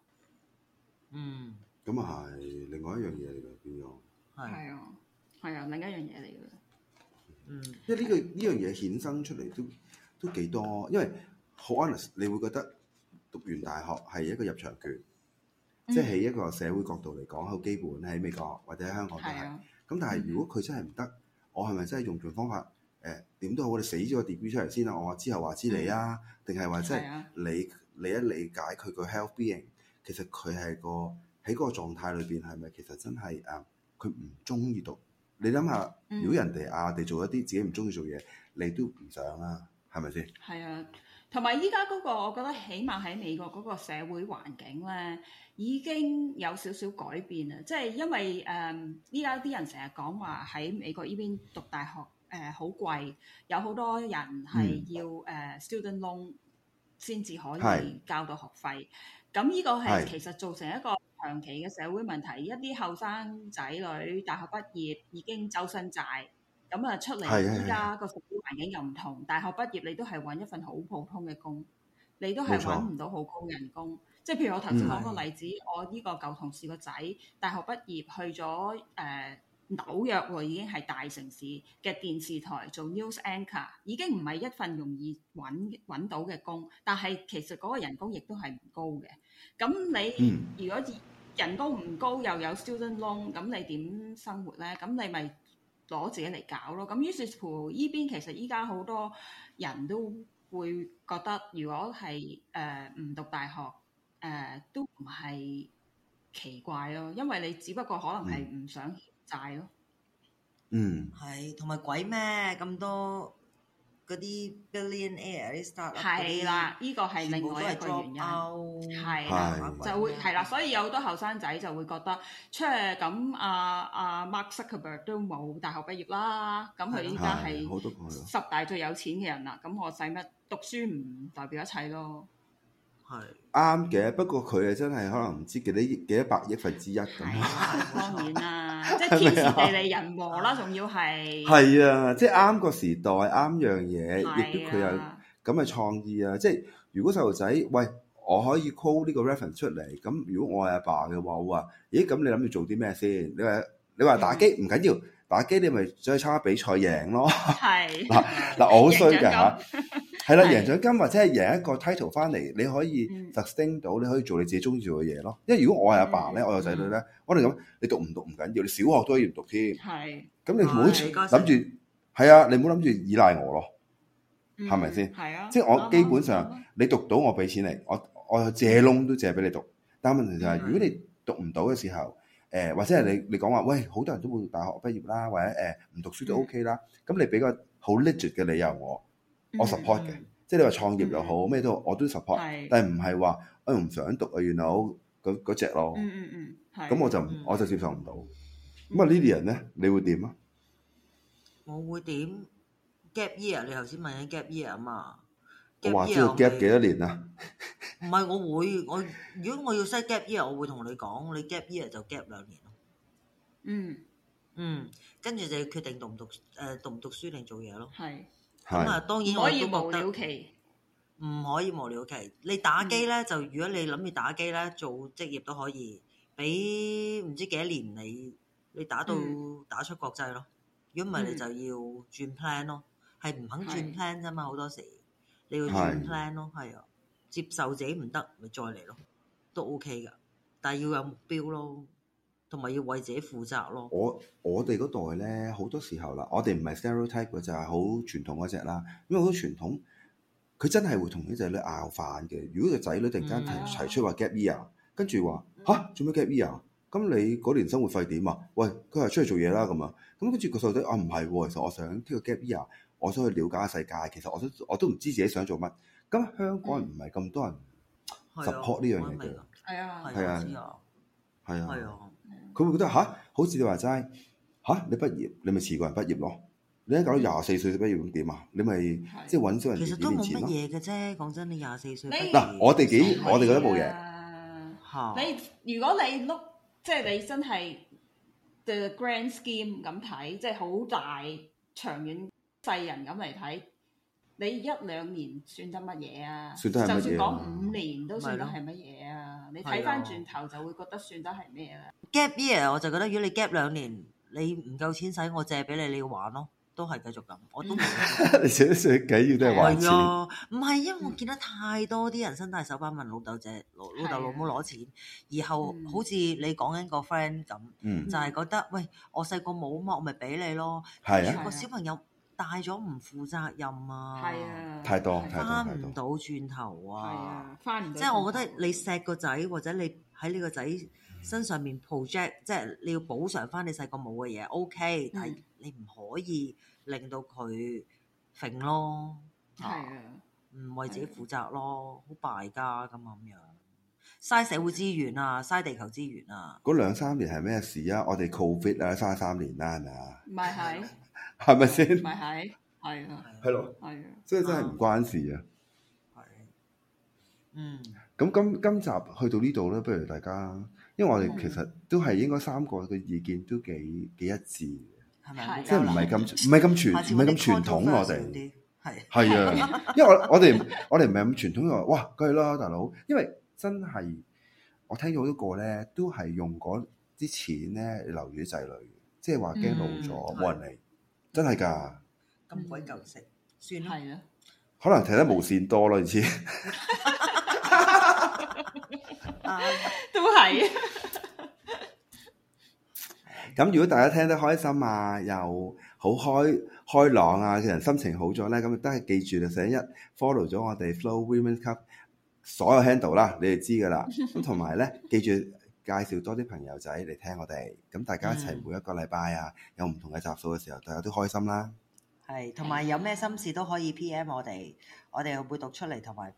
嗯，咁啊係另外一樣嘢嚟嘅，變咗係啊，係啊的，另一樣嘢嚟嘅。嗯，即係呢、呢個呢樣嘢衍生出嚟都都幾多，因為好 honest，、嗯、你會覺得讀完大學係一個入場券。即係喺一個社會角度嚟講，好基本，喺美國或者喺香港都係。咁、啊、但係如果佢真係唔得，我係咪真係用盡方法？誒點、嗯哎、都好，我哋死咗個 DB 出嚟先啦。我話之後話知你啊，定係話即係你你一理解佢個 health being，其實佢係個喺嗰個狀態裏邊係咪其實真係誒佢唔中意讀？你諗下，嗯、如果人哋、嗯、啊哋做一啲自己唔中意做嘢，你都唔想啦，係咪先？係啊。是同埋依家嗰個，我覺得起碼喺美國嗰個社會環境咧，已經有少少改變啦。即係因為誒，依家啲人成日講話喺美國呢邊讀大學誒好、呃、貴，有好多人係要誒、嗯呃、student loan 先至可以交到學費。咁呢是個係其實造成一個長期嘅社會問題。是一啲後生仔女大學畢業已經周身債。咁啊，出嚟依家個社會環境又唔同，大學畢業你都係揾一份好普通嘅工，你都係揾唔到好高人工。即係譬如我頭先講個例子，我呢個舊同事個仔大學畢業去咗誒紐約，已經係大城市嘅電視台做 news anchor，已經唔係一份容易揾揾到嘅工。但係其實嗰個人工亦都係唔高嘅。咁你如果人工唔高又有 student loan，咁你點生活咧？咁你咪～攞自己嚟搞咯，咁於是乎依邊其實依家好多人都會覺得，如果係誒唔讀大學誒、呃，都唔係奇怪咯，因為你只不過可能係唔想欠債咯嗯。嗯，係，同埋鬼咩咁多？嗰啲 billionaire star 係啦，呢的個係另外一個原因。係啦的，哎、就會係啦，是的所以有好多後生仔就會覺得，出係咁阿阿 Mark Zuckerberg 都冇大學畢業啦，咁佢依家係十大最有錢嘅人啦。咁的我使乜讀書唔代表一切咯？係啱嘅，不過佢係真係可能唔知幾多億幾多百億分之一咁啊。當然啦，即係天時地利人和啦，仲要係係啊，即係啱個時代，啱樣嘢，亦都佢又咁嘅創意啊。即係如果細路仔，喂，我可以 call 呢個 reference 出嚟，咁如果我係阿爸嘅話，我話咦，咁你諗住做啲咩先？你話你話打機唔緊要，打機你咪想去參加比賽贏咯。係嗱，嗱，我好衰㗎吓。係啦，贏獎金或者係贏一個 title 翻嚟，你可以 sustain 到，你可以做你自己中意做嘅嘢咯。因為如果我係阿爸咧，我有仔女咧，我哋咁，你讀唔讀唔緊要，你小學都可以唔讀添。係，咁你唔好諗住，係啊，你唔好諗住依賴我咯，係咪先？係啊，即係我基本上你讀到，我俾錢你，我我借窿都借俾你讀。但係問題就係，如果你讀唔到嘅時候，誒，或者係你你講話，喂，好多人都冇大學畢業啦，或者誒唔讀書都 OK 啦，咁你俾個好 legit 嘅理由我。我 support 嘅，即係你話創業又好，咩都好，我都 support，但係唔係話我唔想讀啊，原來好嗰嗰隻咯。嗯嗯嗯，咁我就我就接受唔到。咁啊，呢啲人咧，你會點啊？我會點 gap year？你頭先問緊 gap year 啊嘛？我話知道 gap 幾多年啊？唔係，我會我如果我要 set gap year，我會同你講，你 gap year 就 gap 兩年咯。嗯嗯，跟住就要決定讀唔讀誒，讀唔讀書定做嘢咯？係。咁啊，當然我都覺得唔可，可以無聊期。你打機咧，的就如果你諗住打機咧，做職業都可以，俾唔知幾多年你你打到打出國際咯。如果唔係，你就要轉 plan 咯，係唔肯轉 plan 啫嘛。好的多時你要轉 plan 咯，係啊，接受自己唔得，咪再嚟咯，都 OK 㗎，但係要有目標咯。同埋要為自己負責咯。我我哋嗰代咧好多時候啦，我哋唔係 stereotype 嗰隻，就係好傳統嗰隻啦。因為好多傳統，佢真係會同啲仔女拗翻嘅。如果個仔女突然間提提出話 gap year、嗯、跟住話吓，做咩 gap year？咁你嗰年生活費點啊？喂，佢話出去做嘢啦咁啊。咁跟住個細路仔啊，唔係，其實我想呢個 gap year，我想去了解下世界。其實我都我都唔知自己想做乜。咁香港人唔係咁多人 support 呢樣嘢嘅，係、嗯、啊，係啊，係啊，係啊。佢會覺得嚇，好似你話齋嚇，你畢業你咪遲過人畢業咯。你而家搞到廿四歲畢業點啊？你咪即係揾少人啲錢咯。其實都冇乜嘢嘅啫，講真你，你廿四歲。嗱，我哋幾，我哋覺得冇嘢、啊。你如果你碌，即係你真係 the grand scheme 咁睇，即係好大、長遠、世人咁嚟睇，你一兩年算得乜嘢啊？算得係乜嘢啊？就算講五年都算得係乜嘢啊？你睇翻轉頭就會覺得算得係咩咧？Gap year 我就覺得，如果你 gap 兩年，你唔夠錢使，我借俾你，你要玩咯，都係繼續咁，我都唔。嗯、 你做啲咩鬼？要都係玩錢。唔係，因為見得太多啲人伸大手板問老豆借，老老豆老母攞錢，的然後、嗯、好似你講緊個 friend 咁，嗯、就係覺得喂，我細個冇乜，我咪俾你咯。係啊的，個小朋友。的大咗唔負責任啊，太多翻唔到轉頭啊，翻唔即係我覺得你錫個仔或者你喺呢個仔身上面 project，即係你要補償翻你細個冇嘅嘢 OK，但係你唔可以令到佢揈咯，係啊，唔為自己負責咯，好敗家咁啊咁樣，嘥社會資源啊，嘥地球資源啊。嗰兩三年係咩事啊？我哋 Covid 啊，嘥三年啦，係咪啊？唔係，係。係咪先？咪係，係啊，係咯，係啊，所以真係唔關事啊。係，嗯。咁今今集去到呢度咧，不如大家，因為我哋其實都係應該三個嘅意見都幾幾一致嘅，係咪？即係唔係咁唔係咁傳唔係咁傳統，我哋係係啊。因為我我哋我哋唔係咁傳統嘅，話哇，梗係啦，大佬，因為真係我聽咗好多個咧，都係用嗰啲錢咧留住仔女，即係話驚老咗冇人嚟。真係噶，咁鬼舊色，算係啦。可能聽得無線多咯，以前都係。咁如果大家聽得開心啊，又好開開朗啊，嘅人心情好咗咧，咁都係記住啦，成日 follow 咗我哋 Flo Women's Club 所有 handle 啦，你哋知噶啦。咁同埋咧，記住。介紹多啲朋友仔嚟聽我哋，咁大家一齊每一個禮拜啊，有唔同嘅集數嘅時候，大家都開心啦。係，同埋有咩心事都可以 PM 我哋，我哋會讀出嚟，同埋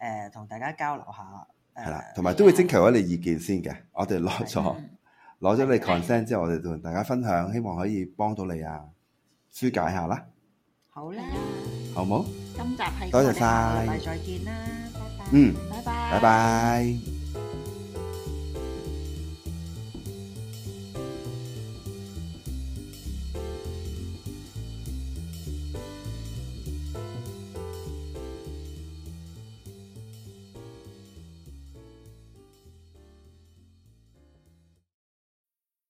誒同大家交流下。係啦，同埋都會徵求一啲意見先嘅，我哋攞咗攞咗你 consent 之後，我哋同大家分享，希望可以幫到你啊，紓解下啦。好啦，好冇？今集係多謝晒，再見啦，拜拜。嗯，拜拜，拜拜。